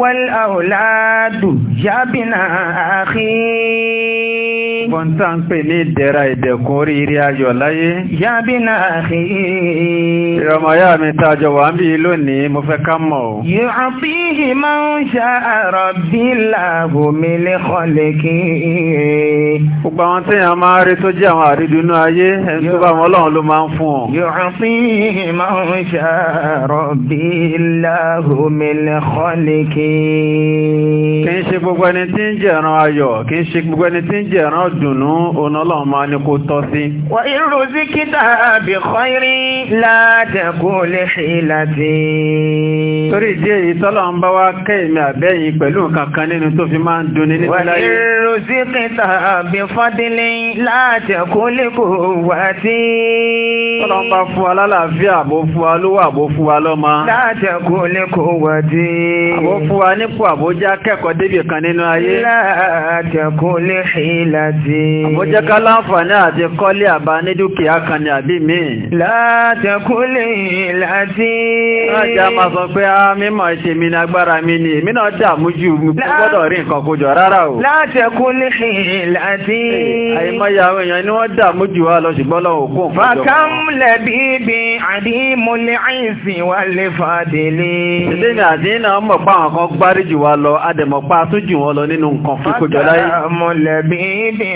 wal auladu ya bina fún tá ń pè ní ìdẹ̀ra ìdẹ̀kùn orí irí ayọ̀ láyé. Yábí náà rí. Ìrọmọ̀yá mi tàjọ wà ń bí lónìí, mo fẹ́ ká mọ̀ o. Yóò bí i máa ń ṣe àrọ̀ bí làbò mi lè kọlẹ̀ kí. Gbogbo àwọn tí èèyàn máa rí tó jẹ́ àwọn àrídùnú ayé, ẹni tó bá wọn Ọlọ́run ló máa ń fún ọ. Yóò bí i máa ń ṣe àrọ̀ bí làbò mi lè kọlẹ̀ kí. Kì í ṣe gbogbo ẹni tí ń jẹ̀ràn ayọ̀, dùnú òun ọlọ́run máa ní kó tọ́ sí. wà irú zikita àbí kọ́irí ládẹ̀kú lè ṣe láti. torí ìdí èyí tọ́lọ́run bá wá kẹ́yìmí àbẹ́yìn pẹ̀lú nǹkan kan nínú tó fi máa ń dunni ní tíláyé. wà irú zikita àbí fọ́dílé ládẹ̀kú lè kó wá sí. tọ́lọ́run bá fún wa lálàáfíà àbò fún wa lówó àbò fún wa lọ́mọ. ládẹ̀kú lè kó wá sí. àbò fún wa nípò àbójá kẹ́kọ̀ọ́ débì kan nínú ayé. ládẹ̀kú lè ṣe láti. Àbójẹ́ ká láǹfààní àti kọ́lé àbá ní dúkìá kan ní àbí mi. Látẹ̀kúlé láti. Lájá máa sọ pé a mímọ̀ ṣe mi ní agbára mi ni, èmi náà dààmú jù gbọ́dọ̀ rí nǹkan kójọ rárá o. Látẹ̀kúlé láti. Àìmọye àwọn èèyàn ni wọ́n dààmú jù wá lọ ṣùgbọ́n lọ òkú òkú. Fàkàm lẹ̀bí bí àdìmúlẹ̀ àìsìn wà lè fàdélé. Ilé ni àdínà mọ̀ pa àwọn kan gbárí jù wá lọ, adẹ̀mọ̀pá tún jù wọn lọ nínú nǹkan fún kójọ láyé. Fàkàm lẹ̀bí bí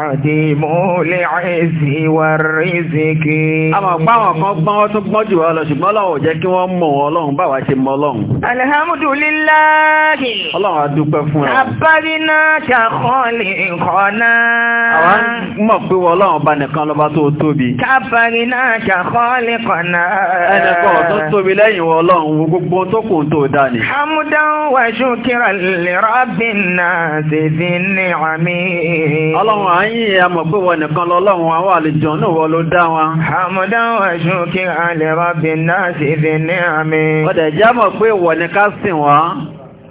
àdìmú lè àìsí wà rìsìkì. a máa pa àwọn kan gbọ́n wọ́n tún gbọ́n jù wá ṣùgbọ́n Ọlọ́run jẹ́ kí wọ́n mọ̀ Ọlọ́run bá wa ṣe mọ̀ Ọlọ́run. alihamudulilayi. Ọlọ́run a dúpẹ́ fún ẹ. abáríná wa ṣukira lè rọ́bìn náà ṣèṣin ọlọ́run àyìn àmọ̀ pé wọ nìkan lọ́lọ́run àwọn àlejò náà wọ ló dá wọn. àmọ̀dáhùn ẹ̀ṣùn kí alẹ́ rọ́bì náà sì fi ní àmì. ọ̀dẹ̀ mọ̀ pé wọ̀ nìkan sìn wọ́n.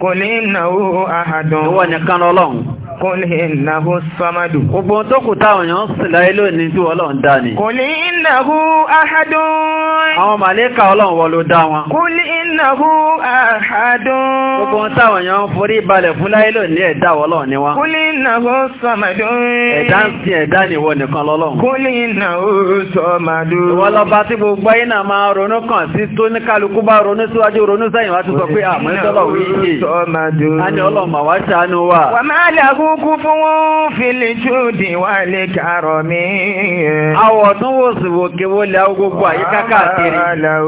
kò ní ìnáwó àhàdùn. ìwọ nìkan lọ́lọ́run. kòlì ìnàhú sọ́mọ́dù. Gbogbo tó kù táwọn ni. Kòlì ìnàhú àhádùn. Àwọn màlẹ́kà ọlọ́run wọ́n ló dá wọn. Kòlì ìnàhú àhádùn. Gbogbo táwọn èèyàn ń forí balẹ̀ fún láyé lónìí ni wọn. Kòlì ìnàhú sọ́mọ́dù. Ẹ̀dá ń sin ẹ̀dá nìwọ nìkan lọ́lọ́run. Kòlì ìnàhú sọ́mọ́dù. Ìwọ lọba tí gbogbo ayé náà máa ronú kàn sí tó ní kálukú bá ronú síwájú ronú sẹ́yìn wá ti sọ pé àmọ́ ah, ìtọ́lọ̀ wa. Wà máa kúfúnwó fìlì jùdì wà lè kààrọ̀ mi. Àwọ̀ tún wò sí wòkè wó lẹ́ gbogbo àyíká káàkiri. Àlàó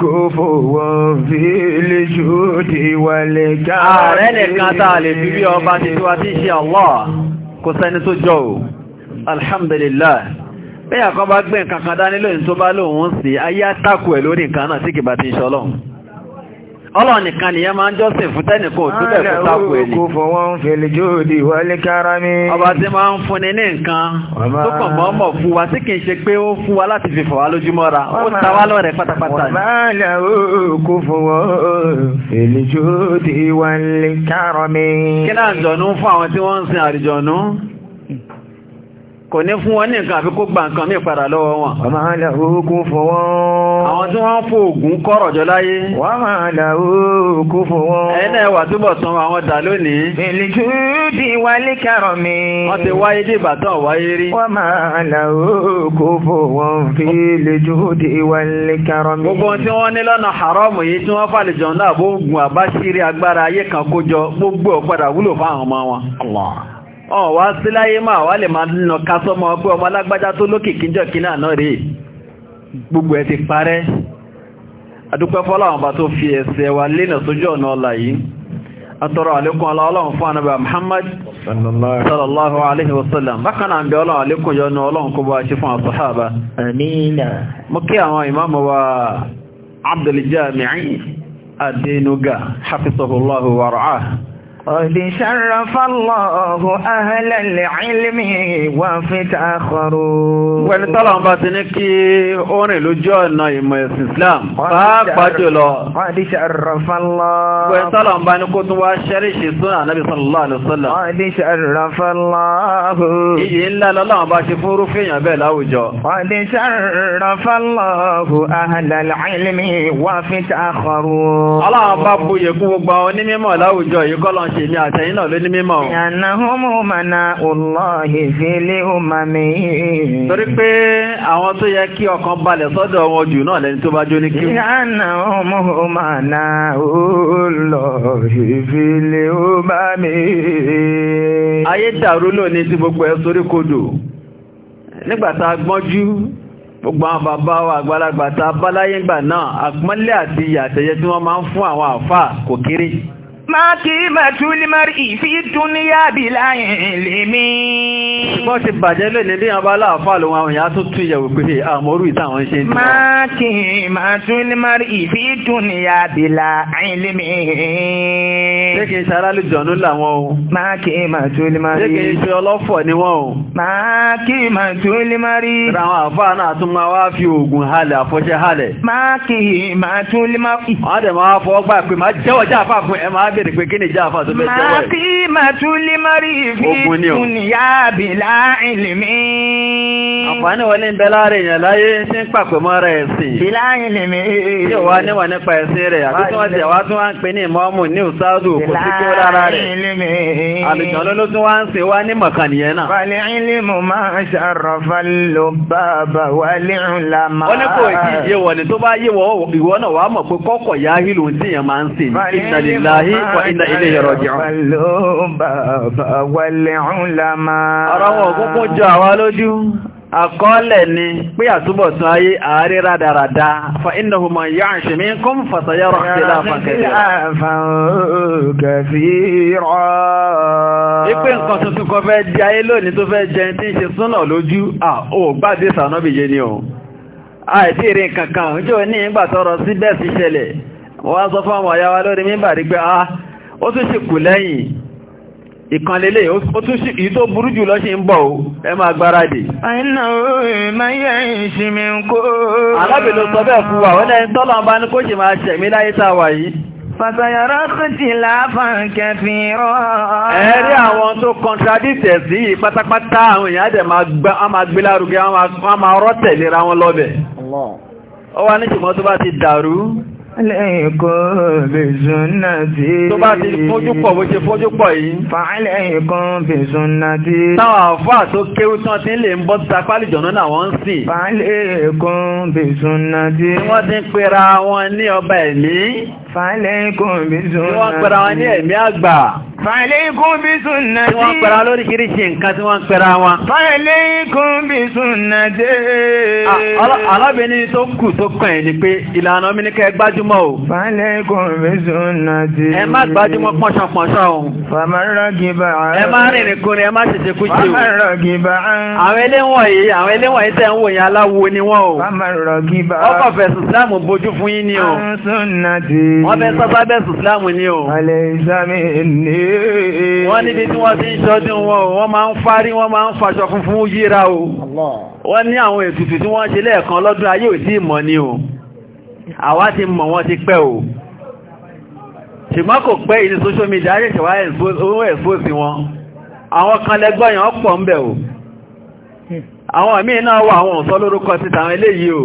kúfúnwó fìlì jùdì wà lè kààrọ̀ mi. nìkan tá a bí ọba ti tí wá tí ṣe Allah kò sẹ́ni Alhamdulillah. Bẹ́yà kan bá gbé nǹkan kan dání lóyìn tó bá lóun Ọlọ́run nìkan nìyẹn máa ń jọ́sìn fún tẹ́nìkan òtúbẹ̀ fún sáàpù ẹni. Ọlọ́run fún wọn fèlè jóòdì wọlé kára mi. Ọba tí máa ń fúnni ní nǹkan tó kàn mọ́ mọ̀ fún wa tí kìí ṣe pé ó fún wa láti fi fọ̀ lójúmọ́ra. Ó ta wá lọ́rẹ̀ pátápátá ni. Ọ̀bálà òkú fún wọn fèlè jóòdì wọlé kára mi. Kí náà jọ̀nú fún àwọn tí wọ́n ń sin àrìjọ̀nú? kò ní fún wọn ní nǹkan àfi kó gba nǹkan mí padà lọ́wọ́ wọn. wọ́n máa lè oókú fún wọn. àwọn tí wọ́n fò ògùn kọ́rọ̀ jọ láyé. wọ́n máa lè oókú fún wọn. túbọ̀ tán àwọn dà lónìí. bèlìjú di wálé kárọ̀ mi. wọ́n ti wáyé dé ìbátan wáyé rí. wọ́n máa lè oókú fún di wálé kárọ̀ mi. gbogbo tí wọ́n ní lọ́nà haramu yìí tí wọ́n fàlejò náà bó gun àbáṣírí agbára ayé kan kójọ ọ̀n wá sí láyé máa wá lè máa nà ká sọ́mọ ọgbẹ́ ọmọ alágbájá tó lókìkí jọ kí náà náà rí gbogbo ẹ̀ ti parẹ́ adúpẹ́ fọ́láwọn bá tó fi ẹsẹ̀ wa lénà sójú ọ̀nà ọlá yìí atọ́rọ àlékún ọlọ́run fún anábà Muhammad قد شرف الله أهل العلم وافتخروا wẹ́n tọ́lọ̀ bá ti ní kí orin lójú ọ̀nà ìmọ̀ ẹ̀sìn Islam pàápàá jùlọ قد شرف الله wẹ́n tọ́lọ̀ bá ní kó tún wá ṣẹ́ríṣì sún ànábì sallallahu alaihi wasallam قد شرف الله iyì ńlá lọ́lọ́wọ́n bá ṣe fún rúfèèyàn bẹ́ẹ̀ láwùjọ قد شرف الله أهل العلم وافتخروا ọlọ́wọ́n bá buyè kú gbogbo àwọn onímọ̀ láwùjọ yìí kọ́lọ́ ṣe ní àtẹ̀yìn náà ló ní mímọ̀. ìyànà homo mana ọlọ́ ìfẹ́lẹ́ omami. torí pé àwọn tó yẹ kí ọkàn balẹ̀ sọ́dọ̀ wọn jù náà lẹ́ni tó bá jó ní kí. ìyànà homo mana ọlọ́ ìfẹ́lẹ́ omami. ayé dàrú lónìí tí gbogbo ẹ sórí kodò nígbà tá gbọ́njú gbogbo àwọn bàbá wa àgbàlagbà tá a náà àpọ́nlé àti ìyàtẹ̀yẹ tí wọ́n máa ń fún àwọn àfáà kò kéré máa kí mẹ́túlímẹ́rì ìfí dúníyà bí láyìn lè mí. Bọ́ ti bàjẹ́ lónìí bí àwọn aláàfáà lòun àwọn èèyàn tó tún yẹ̀wò pé àmọ́rú ìtàwọn ṣe ń tẹ́. Máa kí mẹ́túlímẹ́rì ìfí dúníyà bí láyìn lè mí. Ṣé kìí ṣe alálùjọ̀nú làwọn o? Máa kí mẹ́túlímẹ́rì. Ṣé kìí ṣe ọlọ́fọ̀ ni wọ́n o? Máa kí mẹ́túlímẹ́rì. Ìràwọn àfáà náà tún máa wá fi oògùn halẹ̀ àfọṣẹ́ halẹ̀. Máa kí bèèrè pé kí ni ìjà àfà tó bẹ́ẹ̀ tẹ́wọ́ ẹ̀. màkì màtúlí mọ́rí ìfìkúnìyà bìlá ìlìmí. àǹfààní wọlé ń bẹ láàrin èèyàn láyé tí ń pàpẹ́ mọ́ rẹ̀ ẹ̀sìn. bìlá ìlìmí. tí ò wá níwọ̀n nípa ẹ̀sìn rẹ̀ àti tí wọ́n ti àwa tún wá ń pè ní ìmọ̀ọ́mù ní ìsáàdù kò sí kí ó rárá rẹ̀. àlùjọ́ ló ló tún wá ń sìn wá ní mọ̀kànìyàn náà. náà wàá mọ̀ máa ń sìn ní wa inna ilayhi raji'un. Pẹ̀lú bàbá wẹlẹ̀ ńlá máa. Ọ̀rọ̀ wọn kúkún jọ àwa lójú. Àkọọ́lẹ̀ ni pé àtúbọ̀tún ayé ààrẹ rádaràdá fa innahu man ya'sh minkum fasayara ikhtilafan kathira. Ipé nǹkan ṣe súnà lójú, à ó gbádé wọ́n wá sọ fún àwọn àyàwà lórí mímbà rí pé ah ó tún sì kù lẹ́yìn ìkànlélé ó tún sí èyí tó burú jù lọ sí ń bọ̀ ó ẹ máa a wà yìí. fàṣàyàrá tó ti láàfàn kẹfì rọ. ẹ rí àwọn tó kọntradíìtì sí yìí pátápátá àwọn èèyàn dẹ̀ máa gbé lárugẹ wọn máa rọ́ tẹ̀léra wọn lọ́bẹ̀. ó ní ṣùgbọ́n tó bá ti dàrú. Fàálẹ́kùn bèzúnnàtí. Tó bá ti fójú pọ̀ bó ṣe fójú pọ̀ yìí. Fàálẹ́kùn bèzúnnàtí. Táwọn àfáà tó kéwú tán ti lè ń bọ́ ti tapálì jọ̀nà náà wọ́n ń sìn. Fàálẹ́kùn bèzúnnàtí. Tí wọ́n ti ń pera wọn ní ọba ẹ̀mí. Fàálẹ́kùn bèzúnnàtí. Tí wọ́n pera wọn ní ẹ̀mí àgbà. Fàálẹ́kùn bèzúnnàtí. Tí wọ́n pera lóríṣiríṣi nǹkan tí wọ́n pera wọn. Fàálẹ́kùn bèzúnnàtí. Ah, alábìnrin tó kù tó kàn ẹ̀ ni pé ìlànà gbájúmọ́ o. Fálẹ́ kò rẹ́sọ̀ náà ti. Ẹ má gbájúmọ́ pọ́nṣọpọ́nṣọ o. Fàmárọ̀ gíba. Ẹ má rìnrìn kùnrin, ẹ má ṣèṣe kú jù. Fàmárọ̀ gíba. Àwọn eléwọ̀n yìí, àwọn eléwọ̀n yìí tẹ̀ ń wò yẹn aláwo ni wọ́n o. Fàmárọ̀ gíba. Ọkọ̀ fẹ̀sùn Ìsìlámù bojú fún yín ni o. Wọ́n fẹ́ sọ́sá bẹ́sùn Ìsìlámù ni o. Àlẹ́ ìsámi ni. Wọ́n níbi tí wọ́n ti ń ṣọdún wọn o, wọ́n máa ń fárí, wọ́n máa ń faṣọ funfun yíra o. Wọ́n ní àwọn ètùtù tí wọ́n ṣe lẹ́ẹ̀kan lọ́dún ayé òtí ìmọ̀ ni o àwa ti mọ̀ wọ́n ti pẹ́ o ṣùgbọ́n kò pẹ́ ìdí social media ayé ṣẹ̀wá ohun ẹ̀fóòsì wọn àwọn kan lẹ́gbọ́yàn pọ̀ ń bẹ̀ o àwọn míì náà wà àwọn òsọ́ lórúkọ títà àwọn eléyìí o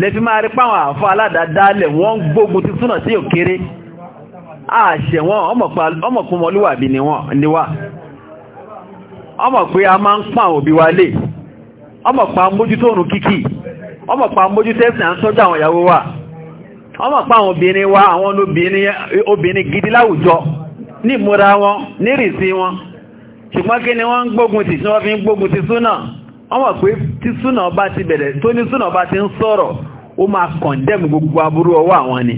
lẹ́fí máa rí páwọn àfá aládàádálẹ̀ wọ́n gbógun ti súnà sí òkèrè àṣẹ wọn ọmọ pé a máa ń pàn òbí wa lè ọmọ pa mójútó kíkì ọmọ pa mójútó à ń àwọn ìyàwó wa ọmọ pa àwọn obìnrin wa àwọn obìnrin gidi láwùjọ ní wọn wọn ṣùgbọ́n kí ni wọ́n ọmọ pé tí súnà ọba ti bẹ̀rẹ̀ tó ní súnà ọba ti ń sọ̀rọ̀ ó máa kọ̀ndẹ́mù gbogbo aburú ọwọ́ àwọn ni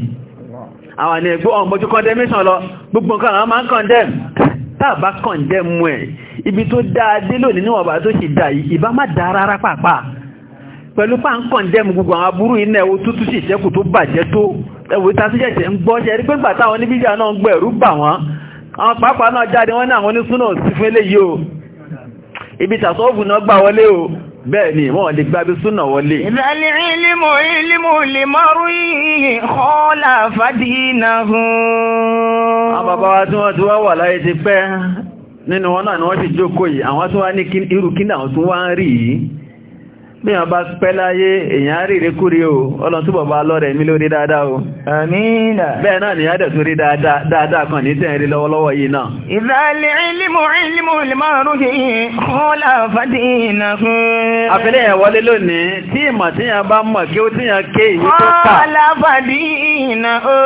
àwọn ni ẹgbọ́ ọmọ ojú kọ́ndẹ́mẹ́ṣàn lọ gbogbo nǹkan àwọn máa ń kọ̀ndẹ́mù tàbá kọ̀ndẹ́mù ẹ̀ ibi tó dáa pa ń kọ̀ndẹ́mù gbogbo àwọn aburú iná ẹwọ tútù sì ṣẹ́kù tó bàjẹ́ tó ẹwọ ta sí jẹ́jẹ́ ń gbọ́ ṣe rí pé gbà táwọn oníbíjà náà ń gbẹ̀rú ibi tàṣọ́ọ̀bù náà gbà wọlé o bẹ́ẹ̀ ni wọ́n lè gbábí súnà wọlé. ìdálẹ̀ ìlímù ìlímù lè mọ́rú yìí kọ́ọ́lá fàdínà hùn. àwọn bàbá wa tí wọ́n ti wá wà yìí bí wọn bá pẹ́ láyé èyàn rí rí kúrí o ọlọ́n túbọ̀ bá lọ́rẹ̀ mi lórí dáadáa o àmìnà bẹ́ẹ̀ náà ni yádẹ̀ tó rí dáadáa kan ní tẹ́ẹ̀rí lọ́wọ́lọ́wọ́ yìí náà ìzàlẹ̀ ilmù ilmù limaruhi kọ́lá fàdínà fún abẹ́lẹ̀ yẹn wọlé lónìí tí ìmọ̀ tí yẹn bá mọ̀ kí ó tí yẹn ké èyí tó kà kọ́lá fàdínà ó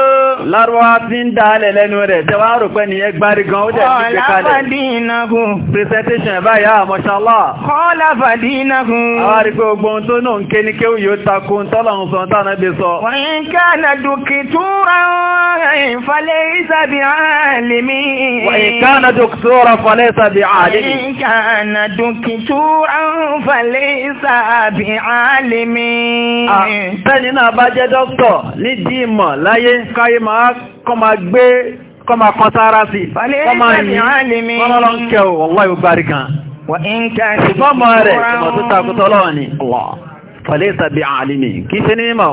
lárúwá tí presentation báyà ah, mashallah kọ́lá fàdínà kù gbogbo ohun tó náà ń ké ní kéwù yóò takò ń tọ́lọ̀ ń sọ tánà bí sọ. wọ́n ká na dókítúrà ìfalẹ̀ ìsàbí àlèmí. wọ́n ká na dókítúrà falẹ̀ ìsàbí àlèmí. wọ́n yín ká na dókítúrà falẹ̀ ìsàbí àlèmí. bẹ́ẹ̀ni náà bá jẹ́ dókítọ̀ nídìí ìmọ̀ láyé káyé máa kọ́ máa gbé kọ́ máa kọ́ sára sí kọ́ máa yí kọ́ lọ́lọ́ ń kẹ́ ò wọ́n wáyé gbárí gan wọ́n ń ká ṣe fọ́mọ rẹ̀ ìmọ̀ tó takútọ́lọ́ ni. Fọ̀lẹ́sàbí àlìmì kí ṣe ní mọ̀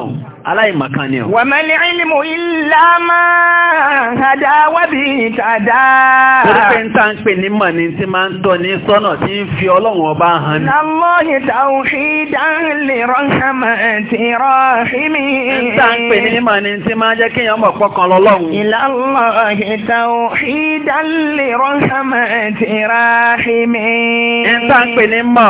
aláìmọ̀kan ni ọ̀. wà má ní ilmù ilá máa hàdá wábí tàdá. torí pé ń tá ń pè ní mọ̀ ní tí máa ń tọ́ ní sọ́nà tí ń fi ọlọ́run ọba hàn ní. lámọ́hì tawhidan li rahmati rahimi. ń tá ń pè ní mọ̀ ní tí máa jẹ́ kéèyàn mọ̀ pọ́kàn lọ́lọ́run. ìlàlọ́hì tawhidan li rahmati rahimi. ń tá ń pè ní mọ̀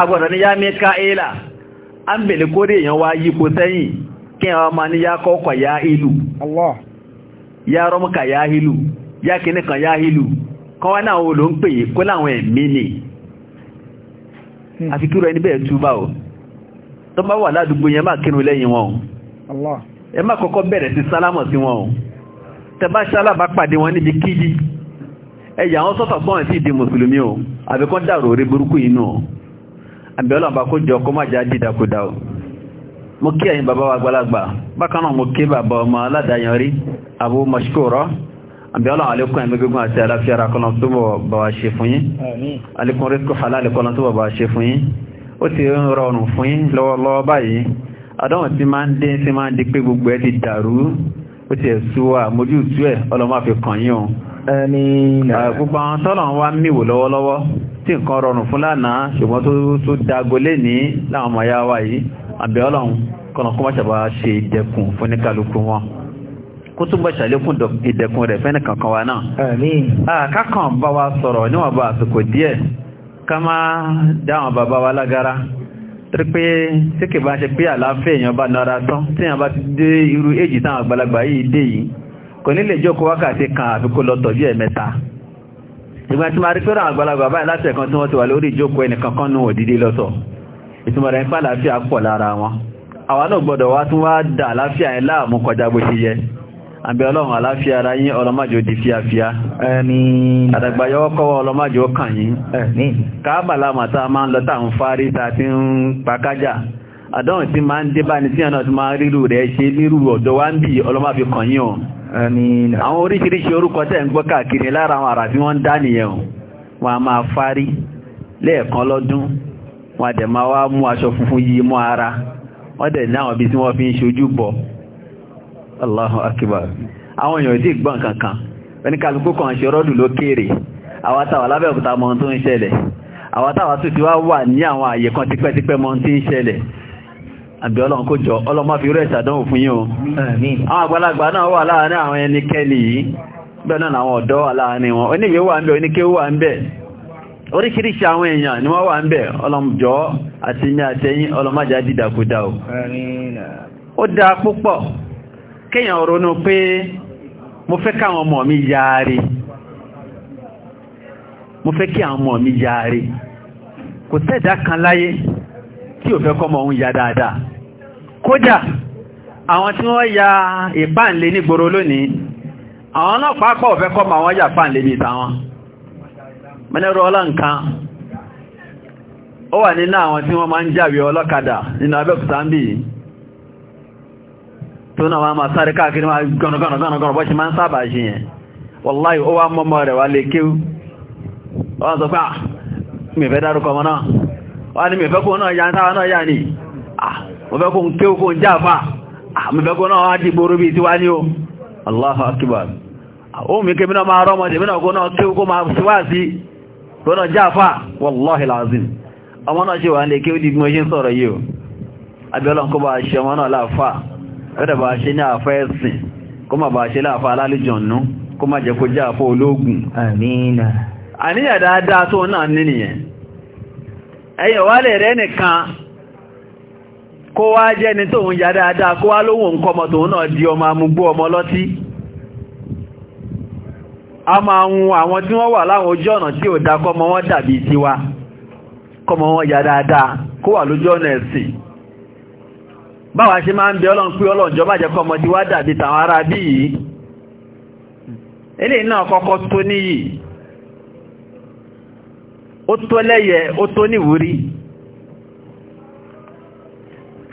àgbọ̀dọ̀ ní yá Mikaela a ń bèèrè kórè èèyàn wá yípo sẹ́yìn kí àwọn ọmọ ní yá kọ́kọ̀ yá ìlú yá rọ́mùkà yá ìlú yá kìíní kan yá ìlú kan wá náà olò ń pè é kó láwọn ẹ̀mí ni hmm. àfi kúrò ẹni bẹ́ẹ̀ túbà o tó bá wà ládùúgbò yẹn máa kírun lẹ́yìn wọn ẹ má kọ́kọ́ bẹ̀rẹ̀ sí sálámọ̀ sí ẹ̀yà wọn sọ́tọ̀ gbọ́n sí ìdí mùsùlùmí o àbíkọ́ dàrò orí burúkú inú o àbẹ̀ọ́lọ́mbà kó jọ kó má já dídakúdá o mo kí ẹ̀yin bàbá wa gbalagbà bákanáà mo kí bàbá ọmọ aládàyanrí Abu Mashkura àbíọ́lọ́ àlékún ẹ̀mí gígùn àti aláfíàrà kọ́nà tó bọ̀ bá wa ṣe fún yín alékún ríkù halal kọ́nà tó bọ̀ bá wa ṣe fún yín ó ti ń rọrùn fún yín lọ́wọ́lọ́wọ́ báyìí adáwọn tí máa ń dé tí máa ń di tí nǹkan rọrùn fún lánàá ṣùgbọ́n tó dágó lé ní láwọn ọmọ ya wá yìí àbẹ̀ ọlọ́run kọ́nà kọ́ mọ́ṣàbá ṣe ìdẹ̀kùn fún ní kálukú wọn kó túnbọ̀ ṣàlékún ìdẹ̀kùn rẹ̀ fẹ́ni kankan wa náà kákan bá wa sọ̀rọ̀ níwọ̀n bá àsìkò díẹ̀ ká má dáwọn bàbá wa lágara torí pé tí kì bá ṣe pé àlàáfíà kò ní lè jókòó wákàtí kan àfikún lọ tọ́jú ẹ̀mẹ́ta ìgbà tí ma rí pẹ́rọ àgbàlagbà báyìí láti ẹ̀kan tí wọ́n ti wà lórí ìjókòó ẹnìkankan nù òdídé lọ́tọ̀ ìtumọ̀ rẹ̀ ń pà láfíà pọ̀ lára wọn àwọn náà wá tún wá dà láfíà ẹ̀ láàmú kọjá bó ṣe yẹ àbí ọlọ́run àláfíà ara yín ọlọ́májò di fíafíá àdàgbàyọ́ kọ́wọ́ ọlọ́májò kàn yín káàbàlà màtá máa ń lọ ń fárí tá ti ń pakájà àdánwò tí máa ń dé ní máa rírù rẹ̀ ṣe nírù ọ̀dọ̀ wá ń bí ọlọ́mà fi kàn yín àwọn oríṣiríṣi orúkọ tẹ́ ń gbọ́ káàkiri lára àwọn àrà wọ́n ń dá nìyẹn a máa fárí lẹ́ẹ̀kan lọ́dún wọ́n wá mú aṣọ funfun yìí mọ́ ara wọ́n dẹ̀ ní ibi tí wọ́n fi ń ṣojú Allahu àwọn èèyàn gbọ́n àbí ọlọ́run kó jọ ọlọ́mọ́ fi rẹ̀ ṣàdánwò fún yín o àwọn àgbàlagbà náà wà láàrin àwọn ẹnikẹ́ni yìí bẹ́ẹ̀ náà àwọn ọ̀dọ́ wà wọn oníwé wà ń oníké wà ń bẹ̀ oríṣiríṣi àwọn èèyàn ni wọ́n wà ń bẹ̀ ọlọ́mjọ́ tí ò fẹ́ ya dáadáa kódà àwọn tí wọ́n ya ìbáǹlé nígboro lónìí àwọn náà pápá ọ̀fẹ́ kọ́ ma wọ́n yà páǹlé ní ìtàwọn mẹ́lẹ́rọ ọlọ́nkan ó wà nínú àwọn tí wọ́n ma ń jáwé ọlọ́kadà nínú Abẹ́òkúta ń bì tó náà ma sáré káàkiri Ah, mo fẹ́ kó ń kéwú kó ń jáfà ah, mo fẹ́ kó náà wá dìgbòrò bí tiwá ní o Allahu Akbar ah, ó mi ké mínà máa rọ́mọdé mínà kó náà kéwú kó wà ní di o abẹ́ọlọ́n kó bá ṣe ọmọ náà láàfà ẹ̀rẹ̀ bá ṣe ní àfà ẹ̀sìn kó má bá ṣe láàfà alálùjọ̀nú kó má jẹ́ kó jẹ́ àfà ológun àmìnà àníyàn dáadáa tó rẹ̀ nìkan kó wá jẹ́ tóun ya dáadáa kó wá lóhun náà di ọmọ amúgbó ọmọ a máa ń àwọn tí wọ́n wà láwọn ojú ọ̀nà tí ò mọ́ wọn dàbí wa kọmọ wọn ya dáadáa kó wà lójú ọ̀nà ẹ̀sìn báwa ṣe máa ń bẹ pé jẹ́ kọmọ tí wá dàbí tàwọn ará bí yìí eléyìí náà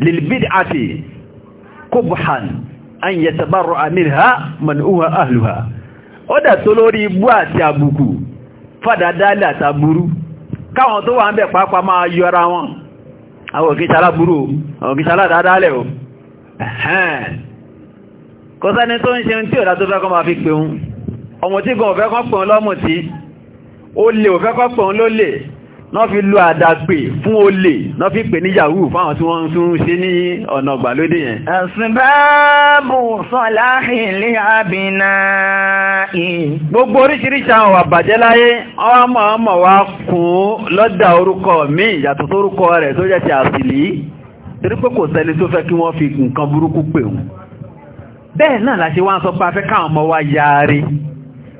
lilbid'ati kubhan an yatabarra minha man huwa ahluha ó dà tó lórí ibú àti àbùkù fàdádálẹ̀ àtàbúrú káwọn tó wà ń bẹ̀ pápá máa yọra wọn àwọn òkìṣàlá burú òkìṣàlá dáadáalẹ̀ o kọsáni tó ń ṣe tí ò dátó fẹ́kọ́ máa fi pẹ̀un ọmọ tí gan òfẹ́kọ́ pẹ̀un lọ́mù tí ó lè òfẹ́kọ́ pẹ̀un ló lè náà fi lo àdàpè fún olè náà fi pè ní yahoo fáwọn tí wọ́n tún ṣe ní ọ̀nà ìgbàlódé yẹn. àṣìbáàbù sọ̀láhìlì àbìnà ì. gbogbo oríṣiríṣi àwọn àbàjẹ́ láyé ọmọ ọmọ wa kún lọ́dà orúkọ mi yàtọ̀ sórúkọ rẹ̀ tó jẹ́ ti àṣìlì torí pé kò sẹ́ni tó fẹ́ kí wọ́n fi nǹkan burúkú pè wọ́n. bẹ́ẹ̀ náà la ṣe wá ń sọ pé a káwọn ọmọ wa yaari.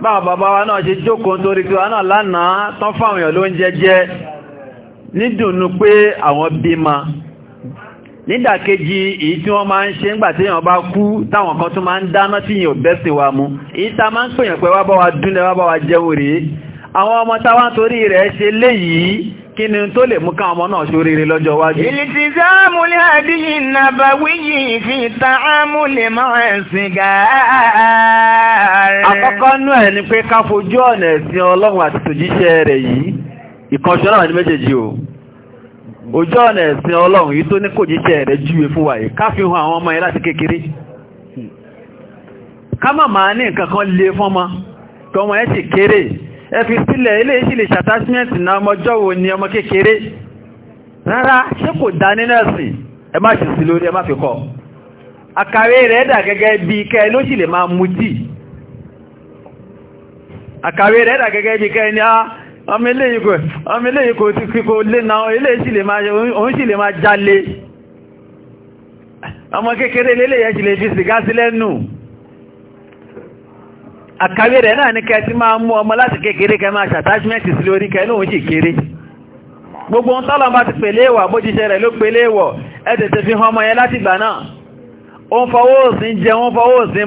báwọn bàbá wa náà ṣe jókòó torí pé wa náà lánàá tán fáwọn èèyàn ló ń jẹjẹ nídùnnú pé àwọn bímọ nídàkejì èyí tí wọ́n máa ń ṣe ńgbà tí èèyàn bá kú táwọn kan tún máa ń dáná tí èèyàn bẹ́sìn wa mu èyí tá máa ń pèèyàn pé wá bá wa dúnlẹ̀ wá bá wa jẹun rèé àwọn ọmọ táwọn torí rẹ̀ ṣe léyìí kí ni tó lè mú káwọn ọmọ náà ṣoríire lọ́jọ́ iwájú. ìlìtìsáàmù ní àdíyì nàbàwí yìí fi tààmù lè máa ẹ̀sìn gàárẹ̀. àkọ́kọ́ nú ẹ̀ ni pé ká fojú ọ̀nà ẹ̀sìn ọlọ́run àti tòjíṣẹ́ rẹ̀ yìí ìkànṣọ́ náà ní méjèèjì o ojú ọ̀nà ẹ̀sìn ọlọ́run yìí tó ní kòjíṣẹ́ rẹ̀ júwe fún wáyé yìí ká fi hàn àwọn ọmọ yẹn láti kékeré ká má máa ní nǹkan kan le fọ́mọ tọmọ ẹ̀ sì kéré ẹ fi sílẹ̀ ilé ìṣì ṣàtásímẹ́ntì na ọmọjọ́ wo ni ọmọ kékeré rárá ṣé kò dá nínú ẹ̀sìn ẹ má ṣe sí lórí ẹ má fi kọ́ àkàwé rẹ̀ dà gẹ́gẹ́ bí kẹ́ ló sì lè máa mutí ah, ọmọ ti kékeré lélẹ̀ yẹ́ sì lè fi sìgá sí àkàwé rẹ̀ náà ní kẹ́ tí máa mú ọmọ láti kékeré kẹ́ máa ṣàtàṣmẹ́ntì sí lórí kẹ́ náà sì kéré gbogbo ohun tọ́lọ̀ bá ti pèlé ìwà bójíṣẹ́ rẹ̀ ló pèlé ìwọ̀ ẹ tètè fi hàn ọmọ yẹn láti gbà náà ó ń fọwọ́ òsìn jẹ ó ń fọwọ́ òsìn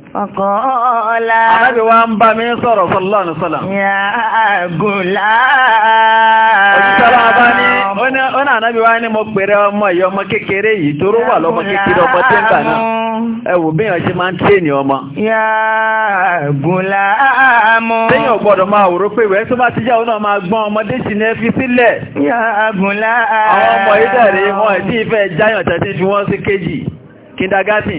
Ọkọ Ànábì wa ń bá mi sọ̀rọ̀ sallallahu alaihi wasallam. Yà gùlá. Òjísọ́lá bá ní, ó ní ní mo pèrè ọmọ ìyọ ọmọ kékeré yìí tó rọ́wà lọ́mọ kékeré ọmọ tí ń náà. Ẹwù bí yàn ṣe máa ń ní ọmọ. Yà gbọ́dọ̀ máa wòró pé tó bá ti jẹ́ òun máa gbọ́n ọmọdé ní sílẹ̀. Yà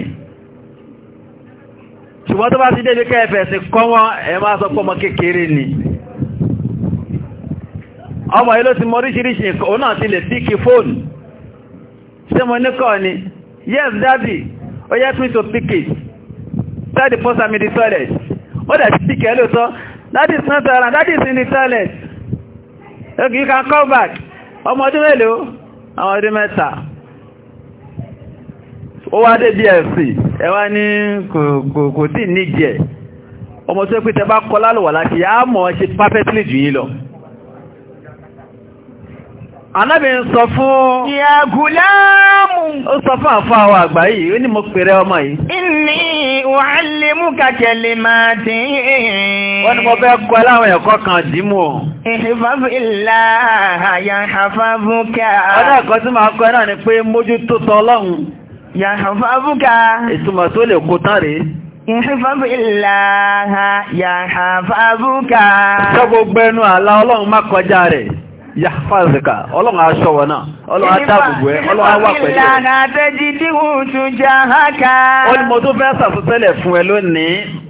ṣùgbọ́n tó bá ti débi kẹfẹ́ sí kọ́ wọn ẹ máa sọ pọ́mọ kékeré ni ọmọ yìí ló ti mọ oríṣiríṣi nǹkan òun náà ti lè píkì fóònù ṣé mo níkọ̀ ni yes daddy ó yẹ pín to pick it tell the person I'm in the toilet ó dẹ̀ ti píkì ẹ lóòótọ́ is not around is in the toilet okay you can call back ọmọ ọdún mélòó àwọn ọdún mẹ́ta ó wá dé bfc ẹ wá ní kò tí ní jẹ́ ọmọ tó pé tẹ bá kọ́ lálùwà láti yá mọ̀ ṣe perfectly jù yín lọ Ànábì sọ fún ìyàgùlámù ó sọ fún àfá àwọn àgbà yìí ó ní mo pèrè ọmọ yìí inni u'allimuka kalimatin wọ́n ni mo fẹ́ kọ́ láwọn ẹ̀kọ́ kan dìímù ọ̀ ihfazillah yahfazka ọdọ́ ẹ̀kọ́ tí máa kọ́ náà ni pé mójútó tọ́lọ́hun Yàhàfàbùkà. Ìtumọ̀ tó lè kó tán rèé. Ìhìfàbù ìlàhà yàhàfàbùkà. Ṣọ́ gbogbo ẹnu àlá ọlọ́run má kọjá rẹ̀. Yàhàfàbùkà, ọlọ́run aṣọ́wọ̀ náà, ọlọ́run adábùgbò ẹ, ọlọ́run awà pẹ̀lú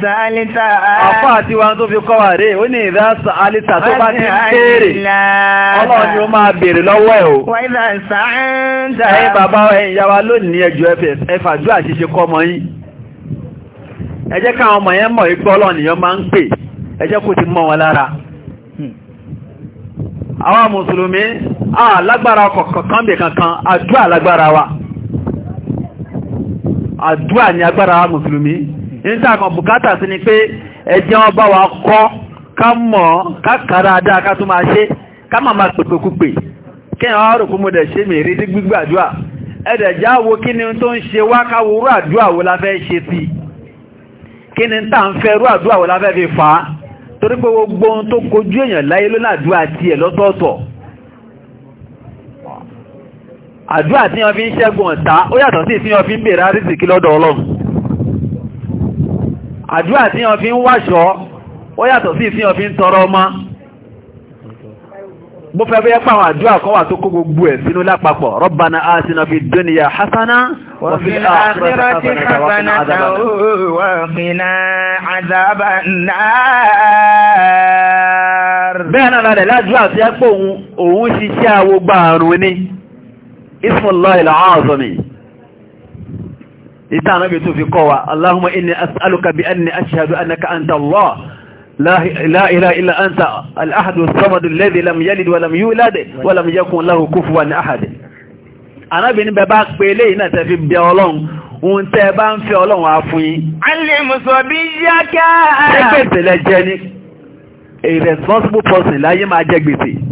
sálítà. Àfá àti wa tó fi kọ́ wà rèé, ó ní ìdá sálítà tó bá ti béèrè. Ọlọ́run ni ó máa béèrè lọ́wọ́ ẹ̀ o. Wọ́n ìdá sáńdà. Ẹ̀yin bàbá ẹ̀yin yá wa lónìí ẹjọ́ ẹfàdúrà ṣíṣe kọ́ ọmọ yín. Ẹ jẹ́ káwọn ọmọ yẹn mọ̀ ipé Ọlọ́run nìyẹn máa ń pè. Ẹ jẹ́ kó ti mọ́ wọn lára. Àwọn Mùsùlùmí, àlágbára kọ̀ọ̀kan bè kankan, àdúrà lágbára wa. Àdúrà ni agbára wa Mùsùlùmí níta kan bùkátà sí ni pé ẹjẹ́ wọn bá wa kọ́ ká mọ̀ ká kàrà dáa ká tún máa ṣe ká máa máa pèpè kúpè kí ẹ̀ wọ́n rò pé mo dẹ̀ ṣe mi rí gbígbàdúà ẹ̀dẹ̀ já wo kí ni tó ń ṣe wá káwòrú àdúà wo la fẹ́ ṣe sí kí ni tá ń fẹ́ rú àdúà wo la fẹ́ fi fà torí pé gbogbo ohun tó kojú èèyàn láyé ló ládùúà tiẹ̀ lọ́tọ̀ọ̀tọ̀ àdúà tí wọ́n fi ń ṣẹ́gun ọ̀tá ó yàtọ̀ sí ìsìn fi ń bèèrè àrísìkí lọ́dọ̀ Ọlọ́run àdúrà tí wọ́n fi ń wáṣọ́ ó yàtọ̀ sí tí wọ́n fi ń tọrọ ọmọ mo fẹ́ bẹ́ẹ̀ pàwọn àdúrà kan tó kó gbogbo ẹ̀ sínú lápapọ̀ rọ́bàna àṣínà fi dúnìyà hasana wọ́n fi àṣírọ́tí rẹ̀ ìta ànábì tó fi kọ́ wa Allahumma inni as'aluka bi anni ashhadu annaka anta Allah la ilaha illa anta al-ahadu as-samadu alladhi lam yalid wa lam yulad wa lam yakun lahu kufuwan ahad ànábì ni bẹ́ bá pè eléyìí náà tẹ́ fi bẹ Ọlọ́run ohun tẹ́ bá ń fẹ́ Ọlọ́run á fún yín alẹ́mùsọ̀bíyáká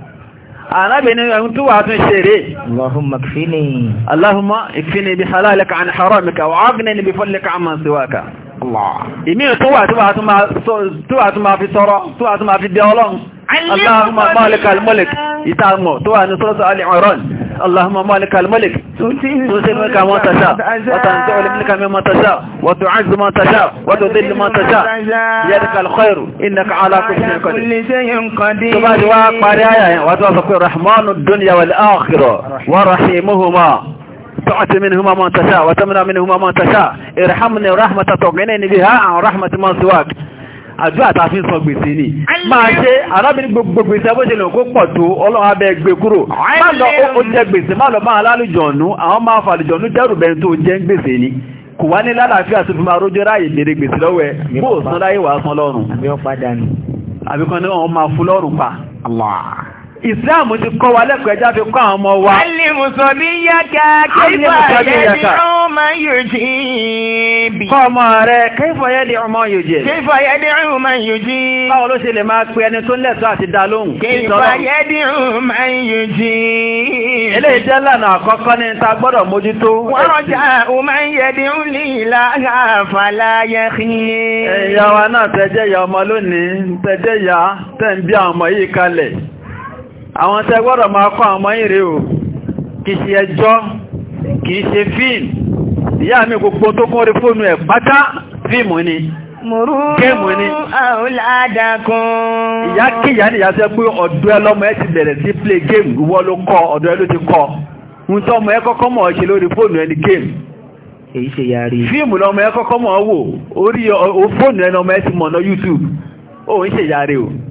arábìnrin ẹ̀hún tó wà tún ṣeré Allahumma ikfini Allahumma ikfini bi halalika an haramika wa aghnini bi fadlika amman siwaka ìmí tó wà tó wà tún máa fi sọ́rọ́ tó wà tún máa fi dẹ ọlọ́run Allahumma malikal mulk ìtàmọ̀ tó wà ní sọ́rọ́sọ́ alìmọ̀rán اللهم مالك الملك تنزل منك ما تشاء وتنزع منك مما تشاء وتعز ما تشاء وتذل ما تشاء بيدك الخير انك على كل شيء قدير تبعد وقاري آية وتوافق الرحمن الدنيا والآخرة ورحيمهما تعطي منهما ما تشاء وتمنع منهما ما تشاء ارحمني رحمة تغنيني بها عن رحمة ما سواك àdúrà tá a fi ń sọ gbèsè ni máa ṣe arábìnrin gbogbo gbèsè bó ṣe lè kó pọ̀ tó ọlọ́run abẹ́ gbé kúrò má lọ ó jẹ gbèsè má lọ máa lálùjọ̀nù àwọn máa fàlùjọ̀nù dẹ́rù bẹ́ẹ̀ tó jẹ́ gbèsè ni kò wá ní lálàáfíà tó fi máa rójọ́ ráyè lèrè gbèsè lọ́wọ́ ẹ̀ bó sanra ìwà san lọ́rùn àbíkan ní wọn máa fún lọ́rùn pa. Allah ìsìláàmù ti kọ́ wa lẹ́kọ̀ọ́ ẹjá fi kọ́ àwọn ọmọ wa. alimuso bí yaka kéfà yẹ́dì ọmọ yòjì bí. kọ́ ọmọ rẹ kéfà yẹ́dì ọmọ yòjì. kéfà yẹ́dì ọmọ yòjì. báwo ló ṣe lè máa pe ẹni tó lẹ́tọ́ àti dá lóhùn. kéfà yẹ́dì ọmọ yòjì. eléyìí jẹ́ lànà àkọ́kọ́ ní ta gbọ́dọ̀ mójútó. wọ́n rọjà ọmọ yẹ́dì ọ̀lì ọmọ yìí kalẹ̀ àwọn tẹ́ gbọ́dọ̀ máa kọ́ àwọn ọmọ ìrè o kìí ṣe ẹjọ́ kìí ṣe fíìmù ìyá mi gbogbo tó kún orí fóònù ẹ̀ pátá fíìmù ni géèmù ni ìyá kíyà ni ìyá tẹ́ pé ọ̀dọ́ ẹ lọ́mọ ẹ ti bẹ̀rẹ̀ sí play game ìwọ ló kọ́ ọ̀dọ́ ẹ ló ti kọ́ ohun tó ẹ kọ́kọ́ mọ̀ ọ́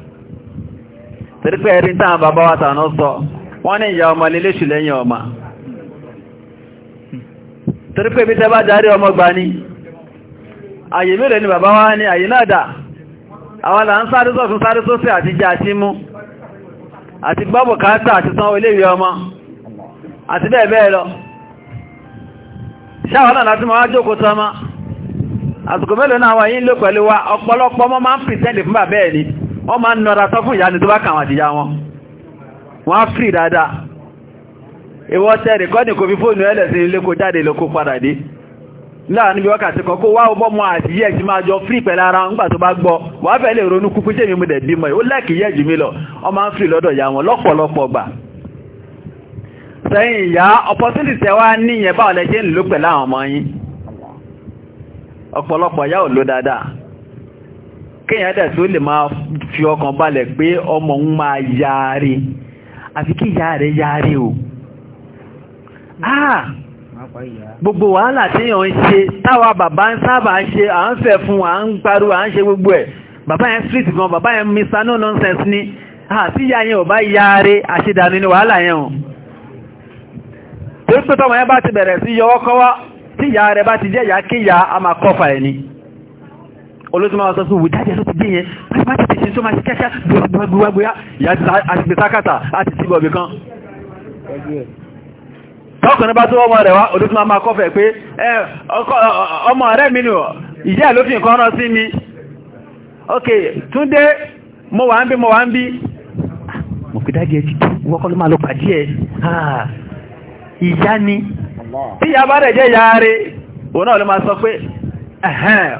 torípẹ́ ẹ̀rí táwọn bàbá wa tàná sọ wọ́n ní ìyá ọmọ lélẹ́ṣù lẹ́yìn ọmọ torípẹ́ ibi tẹ́ bá jari ọmọ gbà ní àyè mélòó ni bàbá wa ní àyè náà dà àwọn là ń sáré sọ́fún sáré sósẹ́ àti jẹ́ àti mú ọmọ àti bẹ́ẹ̀ bẹ́ẹ̀ lọ wọ́n máa ń nọ́ra sọ fún ìyá ni tó bá kàwọn àtìyá wọn wọ́n á fìrì dáadáa ìwọ́ tẹ́ rẹ̀kọ́dì kò fi fóònù ẹlẹ̀ sí ilé kó jáde lókó padà dé láàrin bí wákàtí kan kó wá ọgbọ́ mọ́ àtìyẹ́ ti máa jọ fìrì pẹ̀lú ara ńgbà tó bá gbọ́ wà fẹ́ lè ronú kúkú tèmi mú dẹ̀bí mọ́ ó lẹ́kìíyẹ́ jù mí lọ ọmọ ń fìrì lọ́dọ̀ ìyá wọn lọ́pọ̀lọpọ̀ gbà sẹ́yìn ìyá opportunity tẹ́wá níyẹn báwọn lẹ́jẹ́ ń lò pẹ̀lú àwọn ọmọ yín ọ̀pọ̀lọpọ̀ yá ò lò dáadáa kéèyàn dẹ̀ tó lè máa fi ọkàn balẹ̀ pé ọmọ ń máa yaare àfi kí ìyá rẹ̀ yaare o ah! gbogbo wàhálà téèyàn ń ṣe táwa bàbá ń sábà ṣe à ń fẹ́ fún à ń pariwo à ń ṣe gbogbo ẹ̀ bàbá yẹn street gan bàbá yẹn mr no nonsense ni àti ah, ìyá yẹn ò bá yaare àṣedànù ni wàhálà yẹn o torí tọmọ yẹn bá ti bẹ̀rẹ̀ sí yọwọ́ kọ́wọ́ tí ìyá rẹ̀ bá ti jẹ́ ìyá kíyà a máa kọ́fà ẹni. olóṣùmọ̀ àwọn sọ́sùn wùdájẹ́ ló ti dé yẹn má tètè ṣe tó máa ya kíákíá gbogbogbogbogbogbogbà àti kata ati síbọ̀ kan ọmọ rẹ̀ wá olóṣùmọ̀ máa ọmọ rẹ̀ mi nù fi nǹkan mi ok Tunde. mo wà ń mo mo ti ni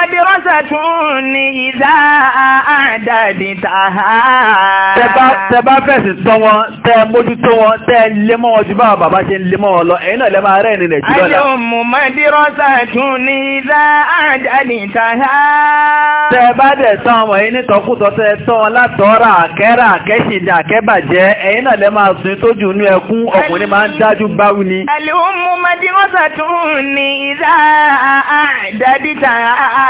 madrasatun ní ìdá àdàdìtàhà. tẹ bá fẹ̀sì tọ́ wọn tẹ mójútó wọn tẹ lé mọ́ wọn jù bá bàbá ṣe ń lé mọ́ wọn lọ ẹ̀yin náà lẹ́ máa rẹ́ ní nàìjíríà. ayé òmù madrasatun ní ìdá àdàdìtàhà. tẹ bá dẹ̀ tán ọmọ yìí nítọ́kùtọ́ tẹ tán wọn látọ́ra àkẹ́rà àkẹ́ṣìdì àkẹ́bàjẹ́ ẹ̀yin náà lẹ́ máa sun tójú inú ẹkún ọkùnrin máa ń dájú báwú ni. ẹ̀lú òmù madrasatun ní ìdá àdàdìtàhà.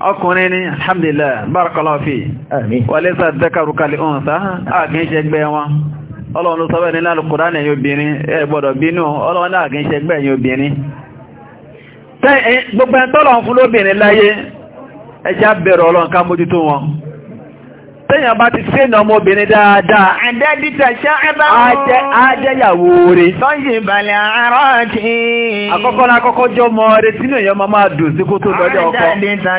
ọkùnrin ni alhamdulillah barakallahu fi wàlẹ́sà dẹ́kàrù kalẹ̀ ohun sáà àkínṣẹ́gbẹ́ wọn ọlọ́run ló sọ́bẹ̀ nílá alùkùránì ẹ̀yin obìnrin ẹ gbọ́dọ̀ bínú ọlọ́run náà kìí ṣẹgbẹ́ ẹ̀yin obìnrin gbogbo ẹ̀tọ́lọ̀ fún lóbìnrin láyé ẹjá bẹ̀rọ ọlọ́run tẹ́yàn bá ti sẹ́nà ọmọbìnrin dáadáa. ajẹ́yàwó rẹ̀. sọ́yìn ìbàlẹ̀ àárọ̀ kí. àkọ́kọ́ náà jọmọ jọ mọ rẹ sínú ma máa máa dùn sí kó tó lọ́jọ́ ọkọ. àdẹ́dìtà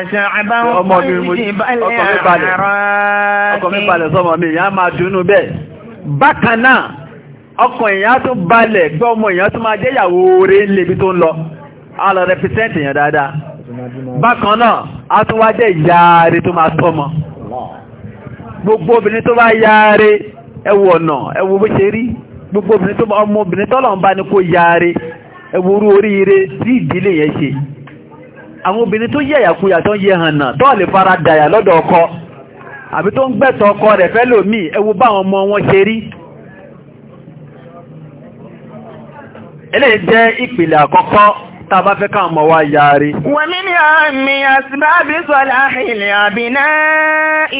ọkọ ìyá balẹ̀ gbọ́ ọmọ máa a lọ yẹn dáadáa. bákan náà a tún wá gbogbo obìnrin tó bá yaare ẹwọ ọ̀nà ẹwọ bó ṣe rí gbogbo obìnrin tó bá ọmọ obìnrin tọ́lọ̀ ń bá ní kó yaare ẹwọ orú oríire tí ìdílé yẹn ṣe àwọn obìnrin tó yẹ ìyàkuyà tó ń yẹ hàn náà tó lè fara dàyà lọ́dọ̀ ọkọ àbí tó ń gbẹ̀tọ̀ ọkọ rẹ̀ fẹ́ lòmí ẹwọ báwọn ọmọ wọn ṣe rí eléyìí jẹ́ ìpìlẹ̀ àkọ́kọ́ tá bá fẹ́ káàmọ̀ wá yaari. wọ́n mi ní àmì àsìbábí sọ̀lá ilẹ̀ àbínà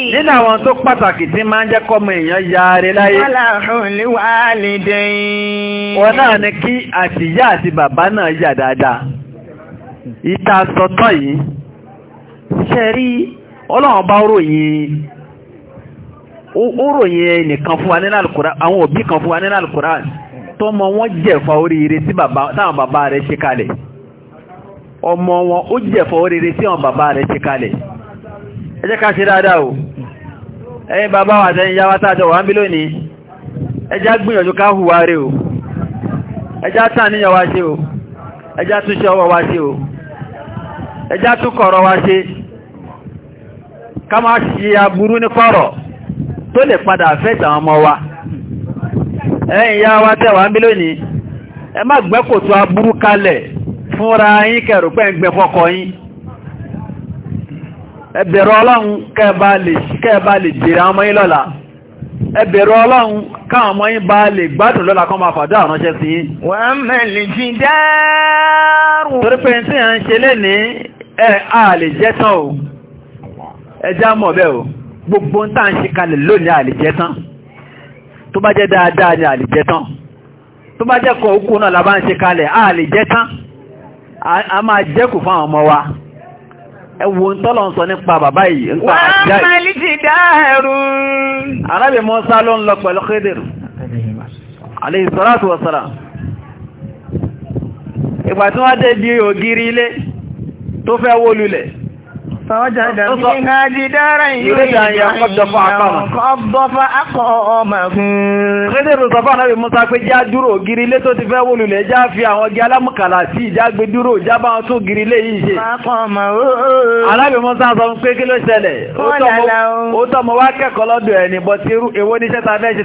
ì. nínú àwọn tó pàtàkì tí máa ń jẹ́ kọ́mọ èèyàn yaari láyé. wọ́n làhùn níwá lédè. wọn náà ni kí àtìyá àti bàbá náà yà dáadáa. ìta sọtọ́ yìí ṣe rí ọlọ́run bá ròyìn ó ròyìn ẹnìkan fún wa nínú Al-Qur'an àwọn òbí kan fún wa nínú Al-Qur'an tọ́mọ wọn jẹ̀fà oríire tí táwọn bàbá rẹ̀ ṣe kalẹ̀ ọmọ wọn ó jẹ̀fọ́ rere tí àwọn bàbá rẹ̀ ti kalẹ̀ ẹ ká ṣe dáadáa o ẹ̀yin bàbá wa àtẹ́yìn yáwá tààjọ wà ń bí lónìí ẹ jẹ́ gbìyànjú ká hùwà rẹ̀ o ẹ jẹ́ tàníyàn wa ṣe o ẹ jẹ́ túnṣe ọwọ́ wa ṣe o ẹ jẹ́ túnkọ̀rọ̀ wa ṣe ká máa ṣe aburú ní kọ̀rọ̀ tó lè padà fẹ́ tàwọn ọmọ wa ẹ̀yin yáwá tẹ́ wà ń bí lónìí ẹ má gbẹ́kòtò aburú kalẹ̀ fúnra yín kẹrù pẹ́ ń gbẹ fọ́kọ yín ẹ bẹ̀rù ọlọ́run kẹ́ẹ̀bá lè jèrè àwọn ọmọ yín lọ́la ẹ bẹ̀rù ọlọ́run káwọn ọmọ yín bá lè gbádùn lọ́la kan máa fàdá àránṣẹ́ sí wọ́n a lè jẹ́ tán o ẹ já mọ̀ bẹ́ẹ̀ o gbogbo ń tàn ṣe kalẹ̀ lónìí a lè jẹ́ tán tó bá jẹ́ dáadáa ni a lè jẹ́ tó bá jẹ́ kọ̀ọ̀kú náà la ń ṣe kalẹ̀ a a máa jẹ́kù fún àwọn ọmọ wa ẹwọ tọ́lọ̀ ń sọ nípa bàbá yìí ń pa àjá yìí wọ́n mẹ́lì ti dá ẹ̀rù arábì Mùsá ló ń lọ pẹ̀lú Khidir alayhi salatu wa salam ìgbà tí wọ́n dé bí ògiri ilé tó fẹ́ wó فوجد منها جدارا يريد أن يقضف أقامه قضف أقامه Kédèrò sọ fún ànábì Musa pé já dúró ògiri ilé tó ti fẹ́ wólulẹ̀ já fi àwọn ọgẹ́ alámùkàlà sí ìjá gbé dúró já bá wọn tó ògiri ilé yìí ṣe. Ànábì Musa sọ pé kí ló ṣẹlẹ̀? Ó tọ́ mo wá kẹ́kọ̀ọ́ lọ́dọ̀ ẹni bọ́ ti ewo níṣẹ́ ta fẹ́ ṣe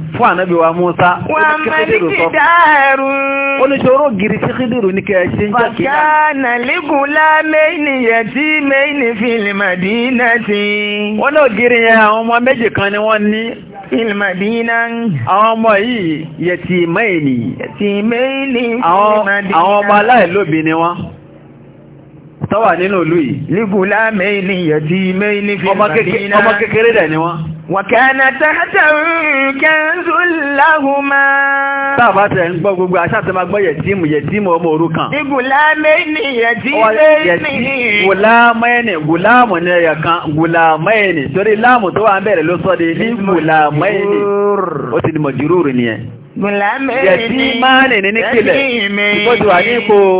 fún ànábì wa Musa oníṣòro gírí tí Kídírù ní kẹ́ jẹ́ kí á na lígùn lámẹ́ni yẹtí mẹ́ni fìlìmàdínà ti wọ́n náà gírí yẹn àwọn ọmọ méjì kan ni wọ́n ní fìlìmàdínà àwọn ọmọ yìí yẹtí mẹ́ni àwọn ọmọ aláìlóbi ni wọ́n tọ́wà nínú ìlú yìí lígùn lámẹ́ni yẹtí mẹ́ni fìlìmàdínà ọmọ kékeré dẹ̀ ni wọ́n wàkánà tààtàrùn kẹ́ńtù láhùmá. Táàbá tẹ̀ ń gbọ́ gbogbo àṣàtẹ̀ máa gbọ́ yẹ̀tíìmù yẹ̀tíìmù ọmọ òrukàn. Ní gùlámẹ́ni yẹ̀tíìmù. Gùlámẹ́ni gùlámù ni ẹ̀yà kan gùlámẹ́ni torí láàmù tó wà ń bẹ̀rẹ̀ ló sọ́ di ní gùlámẹ́ni. Ó ti di mọ̀júrúurù nìyẹn. Gùlámẹ́ni yẹ̀tíìmù máa nì ní nípìnlẹ̀. Ìfọ́jú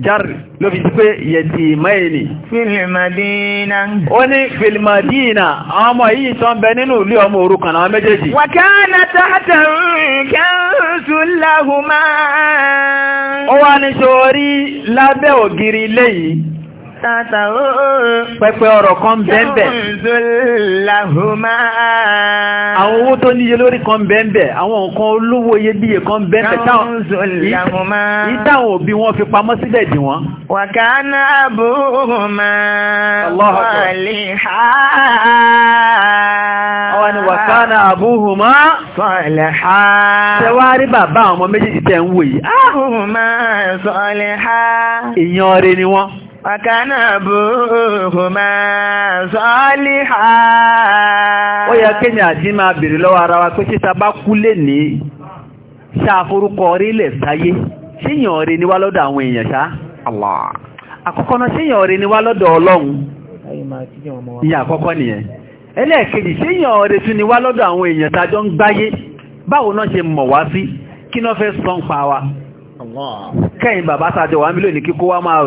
jari ló fi pé yẹ̀tì mẹ́ẹ̀lì. filimadina. ó ní filimadina àwọn ọmọ yìí tán bẹ nínú ilé ọmọ òrukàn àwọn méjèèjì. wàkánà tààtà kẹ́hùnsùn láhùmá. ó wá ní sórí lábẹ́ ògiri léyìí tàtàwó. pẹpẹ ọ̀rọ̀ kan bẹ́ẹ̀bẹ́. ṣùnzùláhùmá. àwọn owó tó níye lórí kan bẹ́ẹ̀bẹ́ àwọn nǹkan olówó iyebíye kan bẹ́ẹ̀bẹ́ táwọn ìtàwọn òbí wọn fi pamọ́ síbẹ̀ dì wọ́n. wàkánà àbúhùmá wàlíhà. àwọn ni wàkánà àbúhùmá. sọ̀lẹ̀hà. tẹwárí bàbá àwọn ọmọ méjèèjì tẹ̀ ń wò yìí. àbúhùmá sọ̀lẹ̀hà. ìyan ọrẹ ni wọ́n. Wàkánà bó hùmá sọ́ọ́lì ha. Ó yẹ kí ni àti máa bèèrè ara wa pé ba kule ni lè ní ṣàforúkọ orílẹ̀ sáyé. Ṣéyàn rẹ̀ ni wá lọ́dọ̀ àwọn èèyàn ṣá. Àkọ́kọ́ Akọkọ na rẹ̀ ni wá lọ́dọ̀ Ọlọ́run. iya akọkọ ni wá lọ́dọ̀ àwọn wa. wa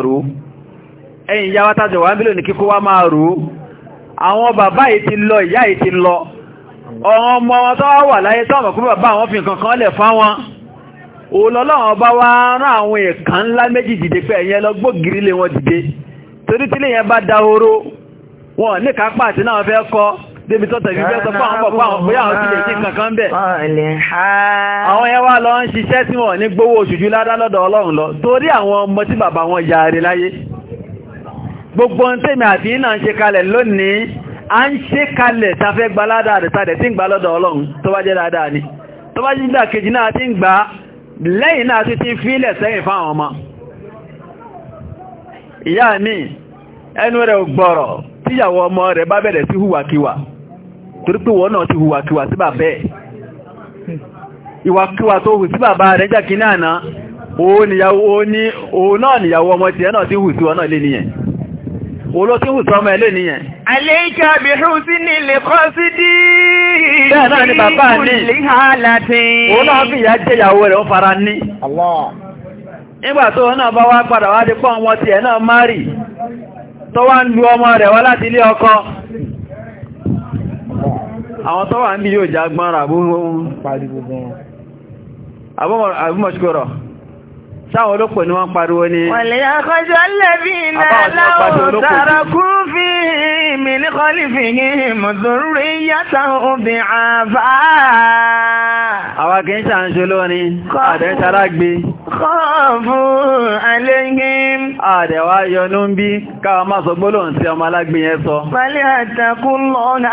ẹ̀yìn ìyá wátájọ̀ wà ń bílò ní kíkó wá máa rú àwọn bàbá yìí ti lọ ìyá yìí ti lọ ọ̀rọ̀ ọmọ wọn tó wà láyé tọ́mọ̀ kú bàbá àwọn fi nǹkan kan lẹ̀ fáwọn olọ́lọ́wọ́n bá wá rán àwọn èèkàn ńlá méjì dìde pé ẹ̀yẹn lọ gbógiri lé wọn dìde torí tí lèyẹn bá da oró wọn ní kápá àti náà fẹ́ kọ́ débi tó tẹ̀bí sọ fún àwọn pọ̀pọ̀ bóyá àwọn tilẹ̀ sí kankan bẹ̀ àwọn yẹn lọ ń ṣiṣẹ́ tí wọn ní gbówó oṣù ládá lọ́dọ̀ Ọlọ́run lọ torí àwọn ọmọ tí bàbá wọn yàrá láyé gbogbo ń tèmi àti iná ń ṣe kalẹ̀ lónìí a ń ṣe kalẹ̀ tafẹ́ gba ládàá tàdẹ̀ tí ń gba lọ́dọ̀ ọlọ́run tó bá jẹ́ dáadáa ni tó bá jíjá kejì náà ti ń gbà lẹ́yìn náà ti ti fílẹ̀ sẹ́yìn fáwọn ọmọ ìyá mi ẹnu rẹ̀ gbọ́rọ̀ tíyàwó ọmọ rẹ̀ bá bẹ̀rẹ̀ sí olóṣèwù sọmọ ẹlé nìyẹn. àlẹ́kà bí hùn sí ní lè kọ́ sí dí. bẹ́ẹ̀ náà ni bàbá ní. òun náà fi ìyá jẹ́ ìyàwó rẹ̀ ó fara ní. nígbà tó wọn náà bá wá padà wá di pọ́ ọmọ tiẹ̀ náà márì tó wá ń lu ọmọ rẹ̀ wá láti ilé ọkọ. àwọn tó wà ń bí yóò já gbọ́n rà bó wọn. àbúmọ̀ṣkọ̀rọ̀ sáwọn olóòpò ni wọ́n pariwo ní ọ̀lẹ́yàkọjọ́ lẹ́bí náà láwọ̀ tààràkú lóní àdẹ́ sára gbé kọ́ọ̀fù alẹ́yìn wá yọ ló ń bí káwà máa sọ gbólò sí ọmọ alágbé yẹn sọ pẹ̀lú àtàkù lọ́nà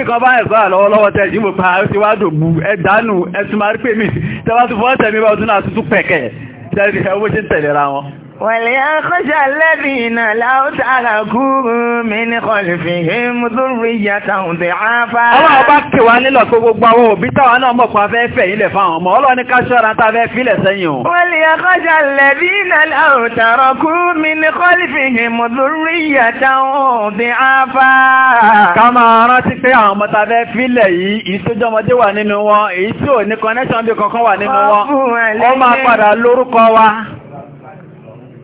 tí kan bá ẹ̀kọ́ àlọ́wọ́lọ́wọ́ tẹ́ ìjímò pa ti wá dògbù ẹ̀dánù ẹ̀tùmarí pèmí tẹ́wàá tó fọ́ tẹ̀mí bá ọdún náà pẹ̀kẹ̀ tẹ́rì ẹwọ́ ṣe wọn وليخشى الذين لو تركوا من خلفهم ذرية ضعافا. Ọlọ́run ọba kì wá nílọ̀ pé gbogbo àwọn òbí táwa náà mọ̀ pa fẹ́ fẹ̀ ilẹ̀ fáwọn ọmọ. Ọlọ́run ní ká ṣọ́ra tá a fẹ́ filẹ̀ sẹ́yìn o. وليخشى الذين لو تركوا من خلفهم ذرية ضعافا. Ká máa rántí pé àwọn ọmọ tá a fẹ́ filẹ̀ yìí, ìṣojọ́mọdé wà nínú wọn, èyí tí ò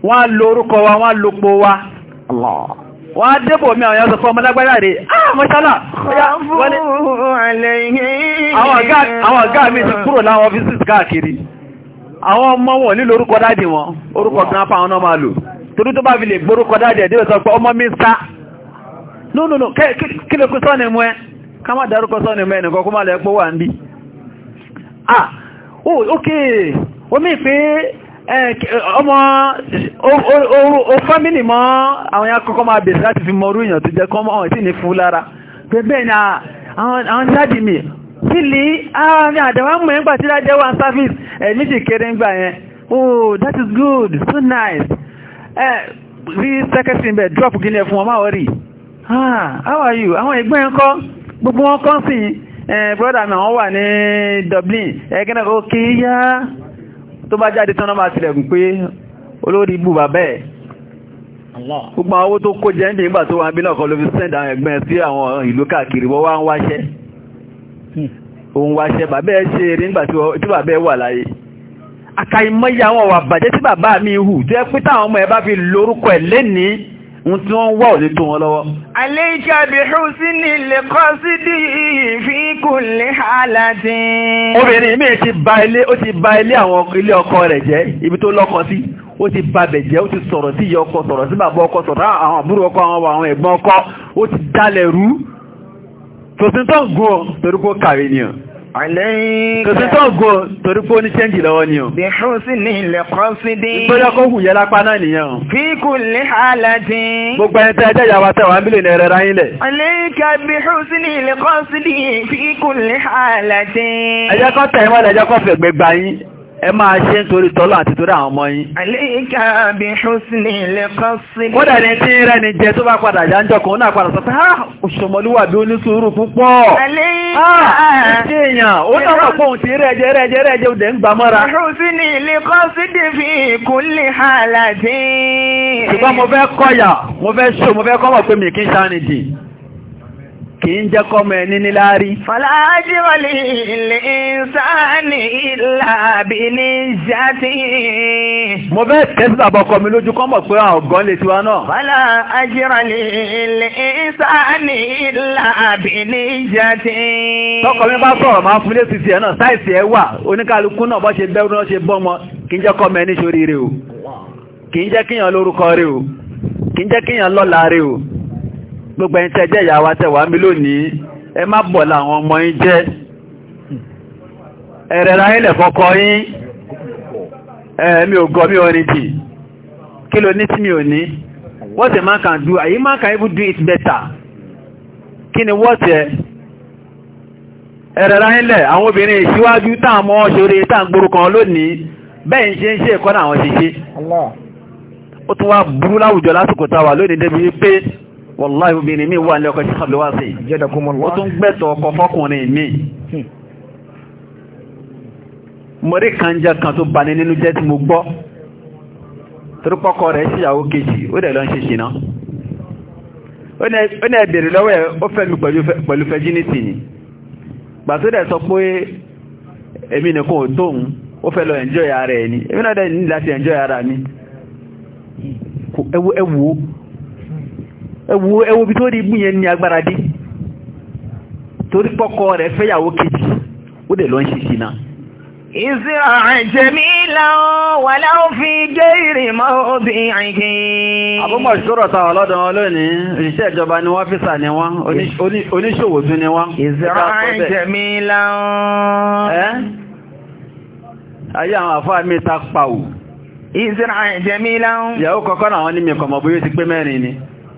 wọ́n a lo orúkọ wa wọ́n lo po wa wọ́n débò mi àwọn ẹ̀sọ̀ fún rẹ̀ ah, àmọ́ṣálà àwọn ọ̀gá mi ti kúrò láwọn ọ́fíìsì káàkiri àwọn ọmọ wọn nílò orúkọ dáàdì wọn orúkọ Eh, eh, ọmọ o fámílì àwọn ya máa bèèrè láti fi mọ orú tó jẹ́ kọ́ ọ̀hún tí ní fún lára pẹ̀bẹ̀ ni àwọn sáàdì mi tí lè àárín àdẹ̀wà mọ̀ ẹgbà tí service ẹ̀mí kéré ńgbà yẹn oh that is good so nice rí eh, secretary bẹ̀ drop gílẹ̀ fún ọmọ àwọn rí how are you gbogbo tó bá jáde tán náà máa tilẹ̀kùn pé olórí ibù bàbá ẹ̀ gbogbo àwọn owó tó kó jẹ́ ní ìgbà tó wà bí náà kọ́ ló fi sẹ́ndà ẹ̀gbẹ́ sí àwọn ìlú káàkiri wọ́n wá ń wáṣẹ́ òun hmm. wáṣẹ́ bàbá ẹ̀ ṣe eré nígbà tí bàbá wà láyé àkàìmọ́yà àwọn ọ̀wà bàjẹ́ tí bàbá mi hù tó ẹ pé táwọn ọmọ ẹ bá fi lórúkọ ẹ̀ lénìí ohun tí wọ́n wà ò lè tó wọn lọ́wọ́. Àléjá bí ní ilé kọ́ sí dí fi lè hálàtí. Obìnrin mi ti ba ilé, ó ti ba ilé àwọn ilé ọkọ rẹ̀ jẹ́, ibi tó lọ́kọ sí, ó ti ba bẹ̀ jẹ́, ó ti sọ̀rọ̀ sí ìyá ọkọ, sọ̀rọ̀ sí bàbá ọkọ, sọ̀rọ̀ àwọn àbúrò ọkọ, àwọn àwọn ẹ̀gbọ́n ọkọ, ó ti dálẹ̀ rú. Tòsíntàn gùn ọ, torí kó kàwé ni Kòsí tó gò torí pé ó ní ṣẹ́ǹjì lọ́wọ́ ni o. Bí ṣó sí ní ilẹ̀ kan sí dé. Ìgbọ́dọ̀ kó hùyẹ́ lápá náà nìyẹn o. Fi kù lè hàlàdé. Gbogbo ẹni tẹ́ ẹjẹ́ ìyàwó àtẹ̀wà ń bílò ní ẹrẹ ráyìn lẹ̀. Àlééka bí ṣó sí ní ilẹ̀ kan sí dé. Fi kù lè hàlàdé. Ẹjẹ́ kan tẹ̀ ẹ máa ṣe ń torí tọ́lọ́ àti torí àwọn ọmọ yín. àlééká bí húsìnì lè kọ́ sí. kódà ní tí ń rẹni jẹ tó bá padà já ń jọkàn ó náà padà sọ pé ah, bí ah, ó púpọ̀. àlééká reje reje reje náà rọ̀ sí ṣùgbọ́n kì í jẹ́ kọ́mọ ẹni níláárí. Fọlájíwọlì ilé sáàni ìlàbí ní ìjáde. Mo bẹ́ tẹ́sí bàbá ọkọ mi lójú kọ́mọ̀ pé àwọn ọ̀gán lè tiwa náà. Fọlájíwọlì ilé sáàni ìlàbí ní ìjáde. Tọkọ mi bá sọ̀rọ̀ máa fún létí tiẹ̀ náà sáìsì ẹ̀ wà oníkálukú náà bọ́ ṣe bẹ́rù náà ṣe bọ́mọ kì í jẹ́ kọ́mọ ẹni ṣoríire o. Kì í jẹ́ kíyàn lórúkọ rẹ o. Kì í jẹ́ kíyàn lọ́la rẹ o gbogbo ẹni tẹ́ jẹ́ ìyá wa tẹ́ wà mí lónìí ẹ má bọ̀ làwọn ọmọ yín jẹ́ ẹ̀rẹ̀ ráyẹ́lẹ̀ fọ́kọ́ yín ẹ̀ẹ̀mí ògọ́ mi ò ní kí ló ní tí mi ò ní what a man can do a man can even do it better kí ni what ẹ ẹ̀rẹ̀ ráyẹ́lẹ̀ àwọn obìnrin ìṣíwájú táàmọ́ ṣeré táàgbòrò kan lónìí bẹ́ẹ̀ ṣe ń ṣe ẹ̀kọ́ náà àwọn ṣe ṣe ó tún wá burú láwùjọ lásìkò táwà lónìí débi pé wàláhì obìnrin mi wà ní ọkọ̀ ṣàlùwà sí ó tún gbẹ̀tọ̀ ọkọ̀ fọ́kùnrin mi hmm. mọ̀rí kan jẹ́ kan tó bani nínú jẹ́ tí mo gbọ́ torípọ́kọ rẹ̀ síyàwó kejì ó dẹ̀ lọ ń ṣe ṣìná ó ní ẹ̀bẹ̀rẹ̀ lọ́wọ́ ẹ̀ ó fẹ́ mi pẹ̀lú fẹ́jínítì ni gbà tó dẹ̀ sọ pé èmi nìkan ò tóun enjoy ara ẹ̀ ni èmi náà dẹ̀ ní láti enjoy ara mi hmm. ẹwọ́ Ewu bí tó rí ibú yẹn ní agbára dé torí pọ́kọ rẹ̀ fẹ́yàwó kejì ó dẹ̀ lọ ń ṣe fi jẹ́ ìrìnmọ́ obìnrin. àbúmọ̀ ìṣòro táwọn ọlọ́dún wọn lónìí ìjọba ni wọ́n físà ni wọ́n oníṣòwò tún ni wọ́n. ìsirà àjẹmí làwọn. ayé àwọn àfáà ta pa ò. ìsirà àjẹmí mi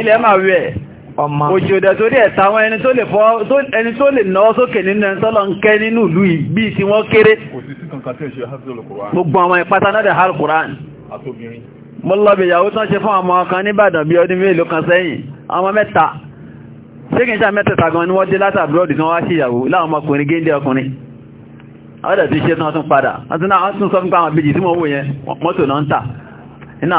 ilẹ̀ máa wẹ̀ òjòdè torí ẹ̀ta àwọn ẹni tó lè náwó sókè nínú ẹni tọ́lọ ń kẹ́ nínú ìlú ìbí tí wọ́n kéré gbogbo àwọn ìpátá náà dẹ̀ Al-Qur'an mo lọ́bẹ̀ ìyàwó tán ṣe fún ọmọ ọkàn níbàdàn bí ọdún mélòó kan sẹ́yìn ọmọ mẹ́ta ṣé gan ni wọ́n dé látàbúrọ̀dì kan tí wọ́n tún sọ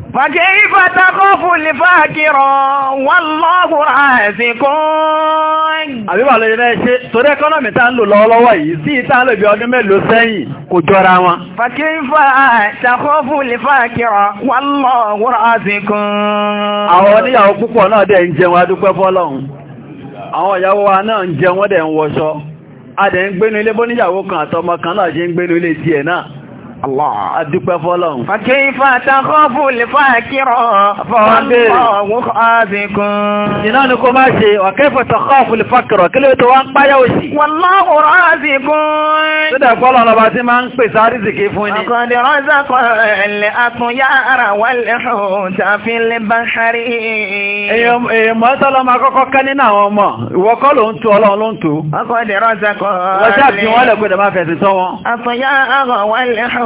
فكيف تخاف الفاكرا والله رازق àbíbà lóye náà ṣe torí ẹkọ́nọ́mì tá ń lò lọ́wọ́lọ́wọ́ yìí sí ìta lò bí ọdún mélòó sẹ́yìn kò jọra wọn. فكيف والله رازق. ń jẹun adúpẹ́ fọ́lọ́hun àwọn a kan Allah. Adúpẹ́ fọ́lọ́run. Fàkí ìfàtà kọ́fù lè fàkírọ̀ fọ́ọ̀lọ́wọ́ àbíkún. Iná ni kó máa ṣe, ọ̀kẹ́ ìfàtà kọ́fù lè fàkírọ̀ kí ló tó wá ń páyà òsì. Wallahu raziqun. Sídà fọ́lọ́ lọba tí máa ń pèsè àrísìkí fún ni. Ọkọ̀dé rọ́zà kọ̀ọ̀lẹ̀ àtúnyá ara wà lẹ́hùn tàfi lè bá ṣarí. Èèmọ̀ tọ́lọ́ máa kọ́kọ́ kẹ́ nínú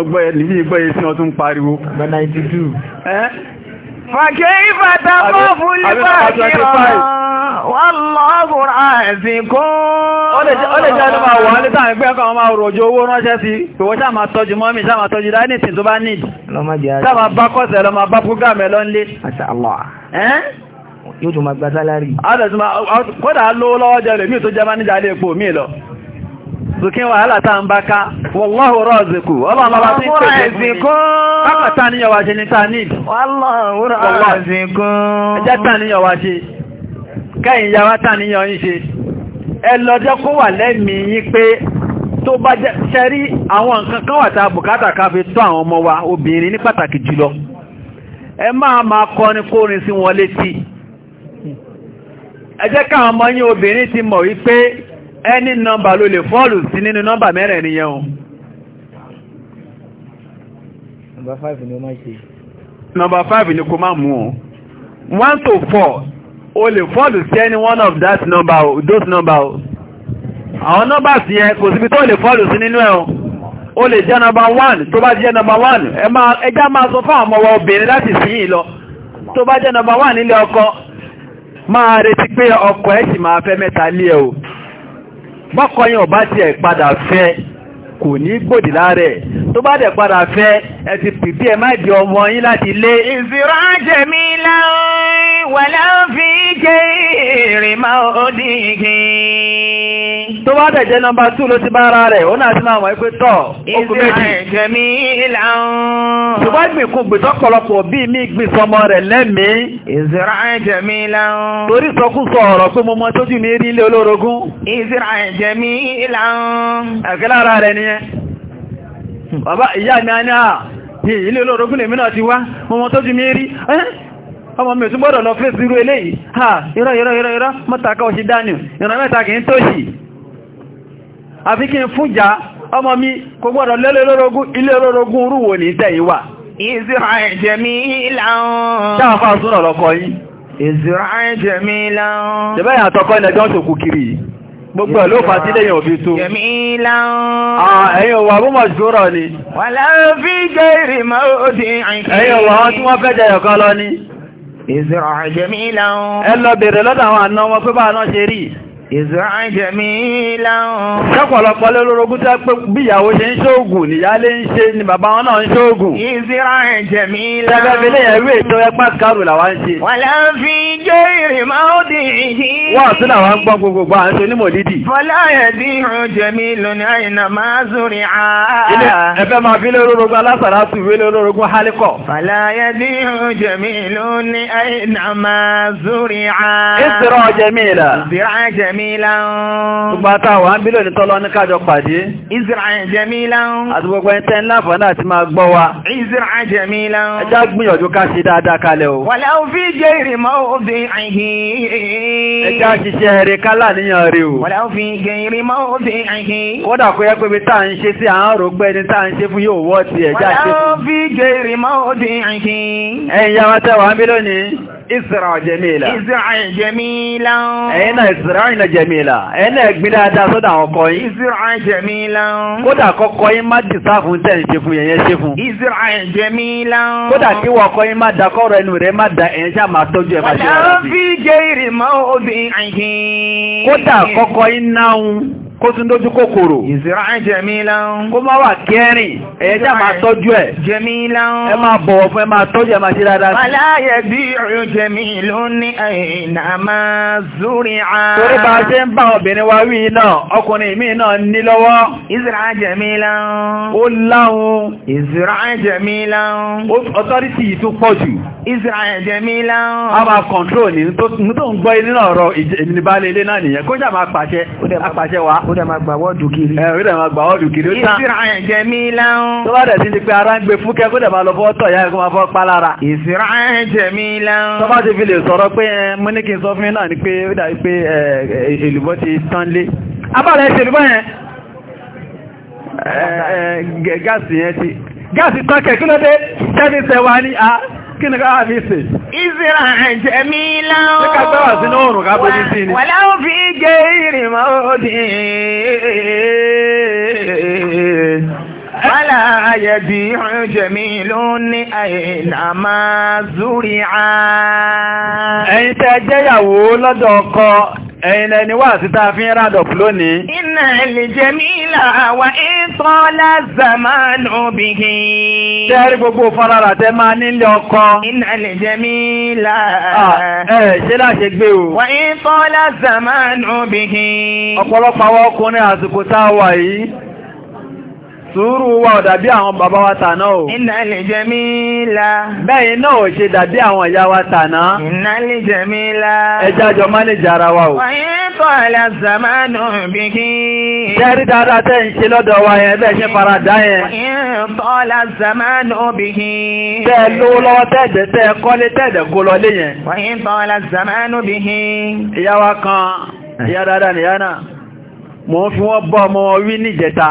ọgbọ́yẹ níbi ìgbọ́yẹ sí ọtún pariwo. Fàkẹ́ ìfàtà mọ́ fún lípa ìrọ̀ wọ́lọ́gùn àìsìnkú. Ó lè jẹ́ ọdún máa wọ́n ní tàbí pé ọkọ̀ máa rọ̀jò owó ránṣẹ́ sí, pèwọ́ sáà máa tọ́jú mọ́mí, sáà máa tọ́jú dáínìtì tó bá nìdì. Sáà máa bá kọ́sẹ̀ lọ máa bá púgàmẹ́ lọ́nlé. Masha Allah yóò tún ma gba sálárì. kódà lówó lọ́wọ́ jẹ́ rẹ̀ mí tó jẹ́ máníjà ilé epo mí lọ. sókè wàhálà tá ń bá ká wọ́lọ́hù rọ́ọ̀zẹ̀kù ọlọ́ọ̀lọ́wà tí ń pèsè ní ṣe tó bá àwọn nǹkan kan wà tá bùkátà ká fi tó àwọn ọmọ wa obìnrin ní pàtàkì jùlọ ẹ máa kórin sí wọn létí káwọn ọmọ obìnrin ti mọ̀ wípé ẹni nọmbà ló lè fọ́ọ̀lù sí nínú nọmbà mẹ́rẹ̀ nìyẹn o nọmbà 5 ni kó máa mú o 1 to 4 o lè fọ́ọ̀lù sí any one of that number o those number o àwọn nọmbà sí ẹ kò síbi tó lè fọ́ọ̀lù sí nínú ẹ o o lè jẹ́ nọmbà 1 tó bá jẹ́ nọmbà 1 ẹjá máa sọ fún àwọn ọmọ obìnrin láti sí yìí lọ tó bá jẹ́ nọmbà 1 ọkọ máa retí pé ọkọ ẹ̀ sì máa fẹ́ mẹ́ta o bọ́kọ̀yìn ọba ti ẹ̀ padà fẹ́ kò ní gbòdì láàrẹ̀ tó bá dẹ̀ padà fẹ́ ẹ ti pìpì ẹ má di ọmọ yín láti lé. ìfìránṣẹ́ mi wà láwọn gẹ́rì máa ó dìgì. Tó bá nọmba 2 ló ti bá ara rẹ̀, ó náà ti máa wọ́n pé tọ̀, okùn méjì. Ìjẹ̀mí ìlàun. Ṣùgbọ́n ìgbìnkún mi gbìn sọmọ rẹ̀ lẹ́mìí. Ìzìrà mi rí ilé rẹ̀ mi á ní à, ilé olórogún lèmi náà ti wá, mo ọmọ mi ò tún gbọ́dọ̀ lọ irú eléyìí ha irọ́ irọ́ irọ́ irọ́ mọ́tàkà ọ̀ṣì dánù ìrọ̀ mẹ́ta kìí tó tóṣì àfi kí n ọmọ mi kò gbọ́dọ̀ rúwò ní gbogbo tó. ni. wà tí wọ́n fẹ́ jẹ́ lọ ìzìrọ̀ àjẹmí lọ́wọ́. ẹ lọ bèrè lọ́dọ̀ àwọn àna wọn pé báwọn náà ṣe rí. Ìzọ́rán jẹ̀mí láhùn. Ṣọ́pọ̀lọpọ̀ lórogún tẹ́ pé bíyàwó ṣe ń ṣóògùn níyálé ń ṣe ni bàbá wọn náà ń ṣóògùn. Ìzọ́rán jẹ̀mí láhùn. Tẹ́fẹ́ fi léyẹ̀ rí ètò ẹpá kárù làwa ń ṣe. Wọ́n lá ń fi jẹ́ ìrìn máa ó dì í. Wọ́n sí làwa ń gbọ́n gbogbo à ń ṣe onímọ̀lídì. Fọláyẹ̀dì jamilan. Gbogbo àtàwà ń bílò ní tọ́lọ ní kájọ pàdé. Izra'a jamilan. Àti gbogbo ẹni ńlá fọ́ ti máa gbọ́ wa. Izra'a jamilan. Ẹjá gbìyànjú ká ṣe dáadáa kalẹ̀ o. Wàlá òfin jẹ́ ìrìnmọ́ òbí àìhìn. Ẹjá ṣiṣẹ́ rẹ̀ kálà níyàn rẹ̀ o. Wàlá òfin jẹ́ ìrìnmọ́ òbí àìhìn. Wọ́n dà kó yẹ pé bí táà ń jẹ̀mílà ẹ̀nà ẹ̀gbìn dáadáa sọ́dọ̀ àwọn ọkọ yín. ìzíràn jẹ̀mílà. kódà kọ́kọ́ yín má dì sáfún tẹ̀ ṣe fún yẹn ṣe fún. ìzíràn jẹ̀mílà. kódà kí wọ́n ọkọ yín má da kọ́rọ̀ ẹnu rẹ̀ má da ẹ̀yìn ṣáà máa tọ́jú ẹ̀ máa ṣe rẹ̀ sí. wọ́n kó tún dójú kòkòrò. ìzìrá jẹmíláun. kó má wà kẹrin ẹ̀yẹ jẹ́ máa tọ́jú ẹ̀. jẹmíláun. ẹ máa bọ̀wọ̀ fún ẹ máa tọ́jú ẹ máa ṣe dáadáa. aláyẹ bí ọ̀rọ̀ jẹmílú ní àìnà máa zúrí á. torí bá a ṣe ń bá obìnrin wa wí náà ọkùnrin mi náà ní lọ́wọ́. ìzìrá jẹmíláun. ó láhun. ìzìrá jẹmíláun. ọtọ́rìtì yìí tún pọ̀ jù. ìzìrá jẹmíláun. a máa kọ̀ńtró ní tó ń gbọ́ ilé náà rọ ìjẹ́ ìmìnibálẹ̀ ilé náà nìyẹn kó ó dẹ̀ máa gbà wọ́ọ̀dù kiri. ẹ ó dẹ̀ máa gbà wọ́ọ̀dù kiri. ìsirà ẹ̀jẹ̀ mi láwọn. tó bá dẹ̀ ti di pé ara ń gbé fún kẹ́ kó dẹ̀ máa lọ fọ́ tọ̀ ya ẹ̀ kó máa fọ́ pa lára. ìsirà ẹ̀jẹ̀ mi láwọn. tó bá ti fi lè sọ̀rọ̀ pé mo ní kí n sọ fún yín náà ni pé ó dàbí pé èlùbọ́ ti tán lé. abala ẹ̀ ṣèlú báyẹn. gáàsì yẹn ti gáàsì tán kẹ̀ kí ló dé kí ni ká fi ṣe? ìsìrà àjẹmí láwọn. ṣé ká gbẹ́wà sínú oòrùn ká bójú sí ni. wàlá ó fi jẹ́ ìrìnmọ́ òdì. wàlá ayẹ̀dì ìrìnjẹ̀mí ló ní àìlàmà zúrí á. ẹ̀yin tẹ́ jẹ́yàwó lọ́dọ̀ ọkọ ẹ̀yin lẹni wà síta fi ń rádọ̀pù lónìí. iná lè jẹ́ tọ́lá zamanu bihi. Tẹ́rí gbogbo farara tẹ́ máa nílé ọkọ. Iná lè jẹ mí là. Ẹ gbé o. Wà ní tọ́lá zamanu bihi. Ọ̀pọ̀lọpọ̀ sùúrù wa ò dàbí àwọn bàbá wa tàná o. iná lè jẹ mí la. bẹ́ẹ̀ náà ò ṣe dàbí àwọn ìyá wa tàná. iná lè jẹ mí la. ẹ jájọ mánéjà ara wa o. wáyé kọ́lá zamanu bìkí. jẹ́rí dáadáa tẹ́ ń ṣe lọ́dọ̀ wa yẹn bẹ́ẹ̀ ṣe fara dá yẹn. wáyé kọ́lá zamanu bìkí. tẹ́ ẹ lówó lọ́wọ́ tẹ́ẹ̀dẹ̀ tẹ́ ẹ kọ́lé tẹ́ẹ̀dẹ̀ kó lọlé yẹn. wáyé kọ́lá zamanu bìkí. ìyá wa kan ìyá dáadáa nìyá náà mò ń fi wọ́n bọ́ ọmọ wọn wí níjẹta.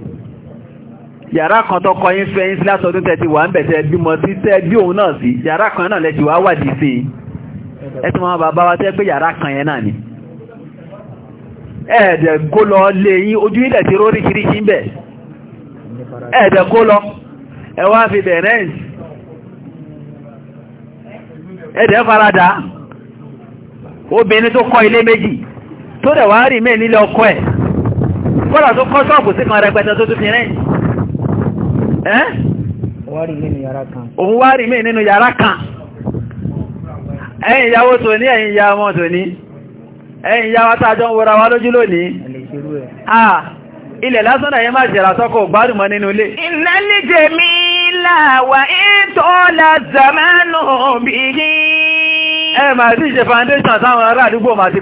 yàrá kan tó kọyín fẹ́ yín sí látọdún tẹ́ ti wà ń bẹ̀tẹ̀ bímọ sí tẹ́ bí òun náà sí yàrá kan náà lẹ́ti wà wádìí sí ẹ̀tùn àwọn bàbá wa tẹ́ pé yàrá kan yẹn náà ni ẹ̀ẹ̀dẹ̀ kó lọ lè yín ojú ilẹ̀ ti róríṣiríṣi ń bẹ̀ ẹ̀ẹ̀dẹ̀ kó lọ ẹ fi bẹ̀rẹ̀ ẹ̀ẹ̀dẹ̀ farada obìnrin tó kọ́ ilé méjì tó dẹ̀ wá rí mẹ́ nílé ọkọ ẹ̀ kọ́lá tó kọ́ ṣọ́ọ̀bù sí kan rẹpẹtẹ tó tún fi rẹ́ǹtì ẹ́ òun wá rí mí nínú yàrá kan ẹ̀yin ìyàwó tó ní ọmọ tó ní ẹ̀yin ìyá tàjọ ń wọra wá lójú lónìí ilẹ̀ lásán náà máa jẹ̀rà sọ́kọ̀ gbárùmọ́ nínú ilé ìnálẹ́jẹ̀ mi ètò lázàmánù ará ma ti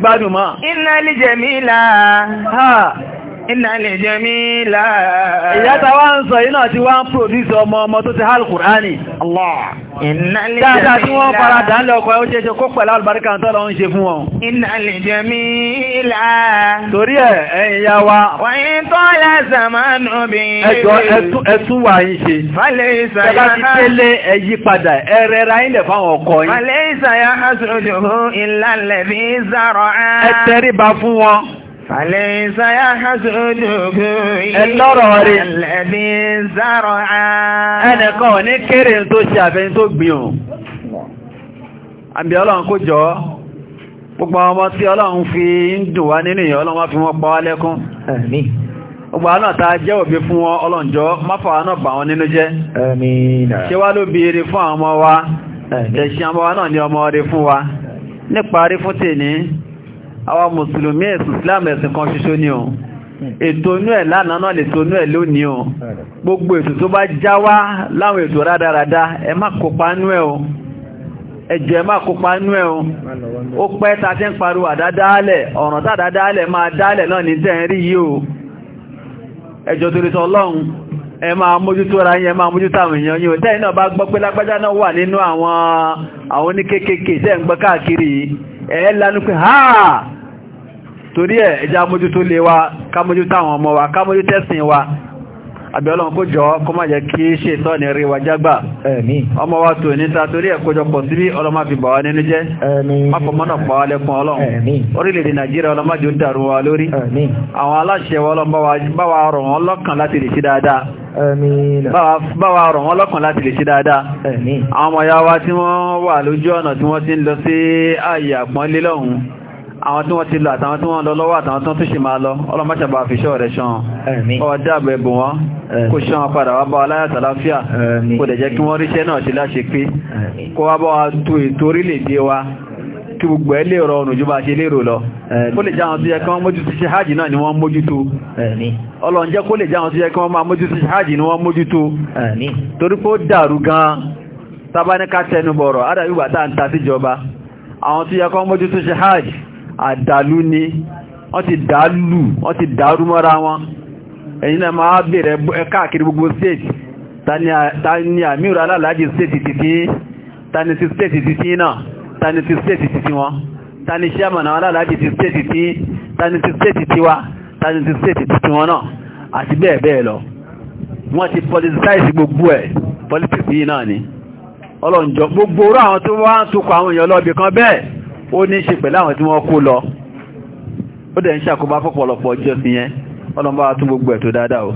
iná lè jẹ mí láàá. ìyá ta wá ń sọ yìí náà ti wá ń pòdúsì ọmọ ọmọ tó ti hálù kùránì. iná lè jẹ mí láàá. dáadáa tí wọ́n fara dà ń lọ ọkọ̀ ó ṣe ṣe kó pẹ̀lú àlùbáríkà tó lọ ń ṣe fún wọn. iná lè jẹ mí láàá. torí ẹ ẹ̀yin ya wa. wáyé tó yà sàmánù bí. ẹjọ ẹtún wà yín ṣe. falẹ̀ ìsàyà. tẹ́lá ti tẹ́lẹ̀ ẹ yí padà ẹ rẹ ra yín lẹ̀ fáwọn ọkọ yín. falẹ̀ ìsàyà فليس يحسدك الذي زرع أنا قوني كرين تو شافين تو بيون àbí ọlọ́run kó jọ gbogbo ọmọ tí ọlọ́run fi ń dùn wá nínú ìyàn ọlọ́run fi wọ́n pa wá gbogbo jẹ́ òbí fún wọn náà bà wọn nínú jẹ́ ṣe ló bí fún àwọn mùsùlùmí ẹ̀sùn islam ẹ̀sìn kan ṣoṣo ni o ètò inú ẹ̀ lánàá náà lè tó inú ẹ̀ lónìí o gbogbo ètò tó bá já wá láwọn ètò rádaràda ẹ má kópa inú ẹ̀ o ẹjọ́ ẹ má kópa inú ẹ̀ o ó pẹ́ ta ti ń pariwo àdádálẹ̀ ọ̀ràn tá àdádálẹ̀ máa dálẹ̀ náà ní tẹ́ ń rí yìí o ẹjọ́ torí sọ ọlọ́run ẹ ẹ̀ lánú pé ha torí ẹ̀ ẹja mójútó lé wa ká mójútó àwọn ọmọ wa ká mójútẹ́sìn wa àbẹ̀ọ́lọ́n kó jọ kó má jẹ́ kí ṣe tọ́ ní rí wàjágbà ọmọ wa tó ní ta torí ẹ̀kójọpọ̀ síbí ọlọ́mà fi bà wá nínú jẹ́ mọ́kànmọ́nà pa wá lẹ́kùn ọlọ́run orílẹ̀-èdè nàìjíríà ọlọ́májú ń dàrú wa lórí àwọn aláṣẹ ọlọ́run bá wa rọ̀ wọ́n lọ́kàn láti lè ṣe dáadáa báwa rọ̀ wọ́n lọ́kàn láti lè ṣe dáadáa àwọn ọmọ àwọn tí wọ́n ti lọ àtàwọn tí wọ́n lọ lọ́wọ́ àtàwọn tó tún ṣe máa lọ ọlọ́mọ́ṣàbà fi ṣọ́ rẹ̀ ṣan ọ̀dáàbẹ̀ bù wọ́n kó ṣan padà wá bá aláyàtàláfíà kó dẹ̀ jẹ́ kí wọ́n ríṣẹ́ náà ti láṣe pé kó wá bá tó ètò orílẹ̀-èdè wa kí gbogbo ẹ lérò ọ̀nà jù bá ṣe lérò lọ kó lè jáwọn tó yẹ kí wọ́n mójútó ṣe hajj náà ni wọ́n mójútó ọlọ́njẹ́ kó lè jáwọn tó yẹ kí wọ́n máa mójútó ṣe hajj ni wọ́n mójútó torí pé ó dàrú gan tábánikà tẹnubọ̀rọ̀ adàbígbà tá à ń ta síjọba àwọn tó yẹ kí wọ́n mójútó ṣe hajj àdàlú ni wọ́n ti dàálù wọ́n ti mọ́ra wọn ẹ̀yin náà máa bèèrè káàkiri gbogbo state ta ni àmìrò alálàájì state títí ta ni ti state náà ta ni ti state wọn ta ni chairman alálàájì ti steeti ti wa ta ni ti wọn náà àti bẹ́ẹ̀ bẹ́ẹ̀ lọ wọ́n ti politicize gbogbo ẹ̀ politics yìí náà ni gbogbo orú àwọn tó wá ń àwọn èèyàn kan bẹ́ẹ̀ ó ní ṣe pẹ̀lú àwọn tí wọ́n kó lọ ó dẹ̀ ń ṣàkóbá fọ́pọ̀lọpọ̀ jọ́sìn yẹn ọlọ́mbà tún gbogbo dáadáa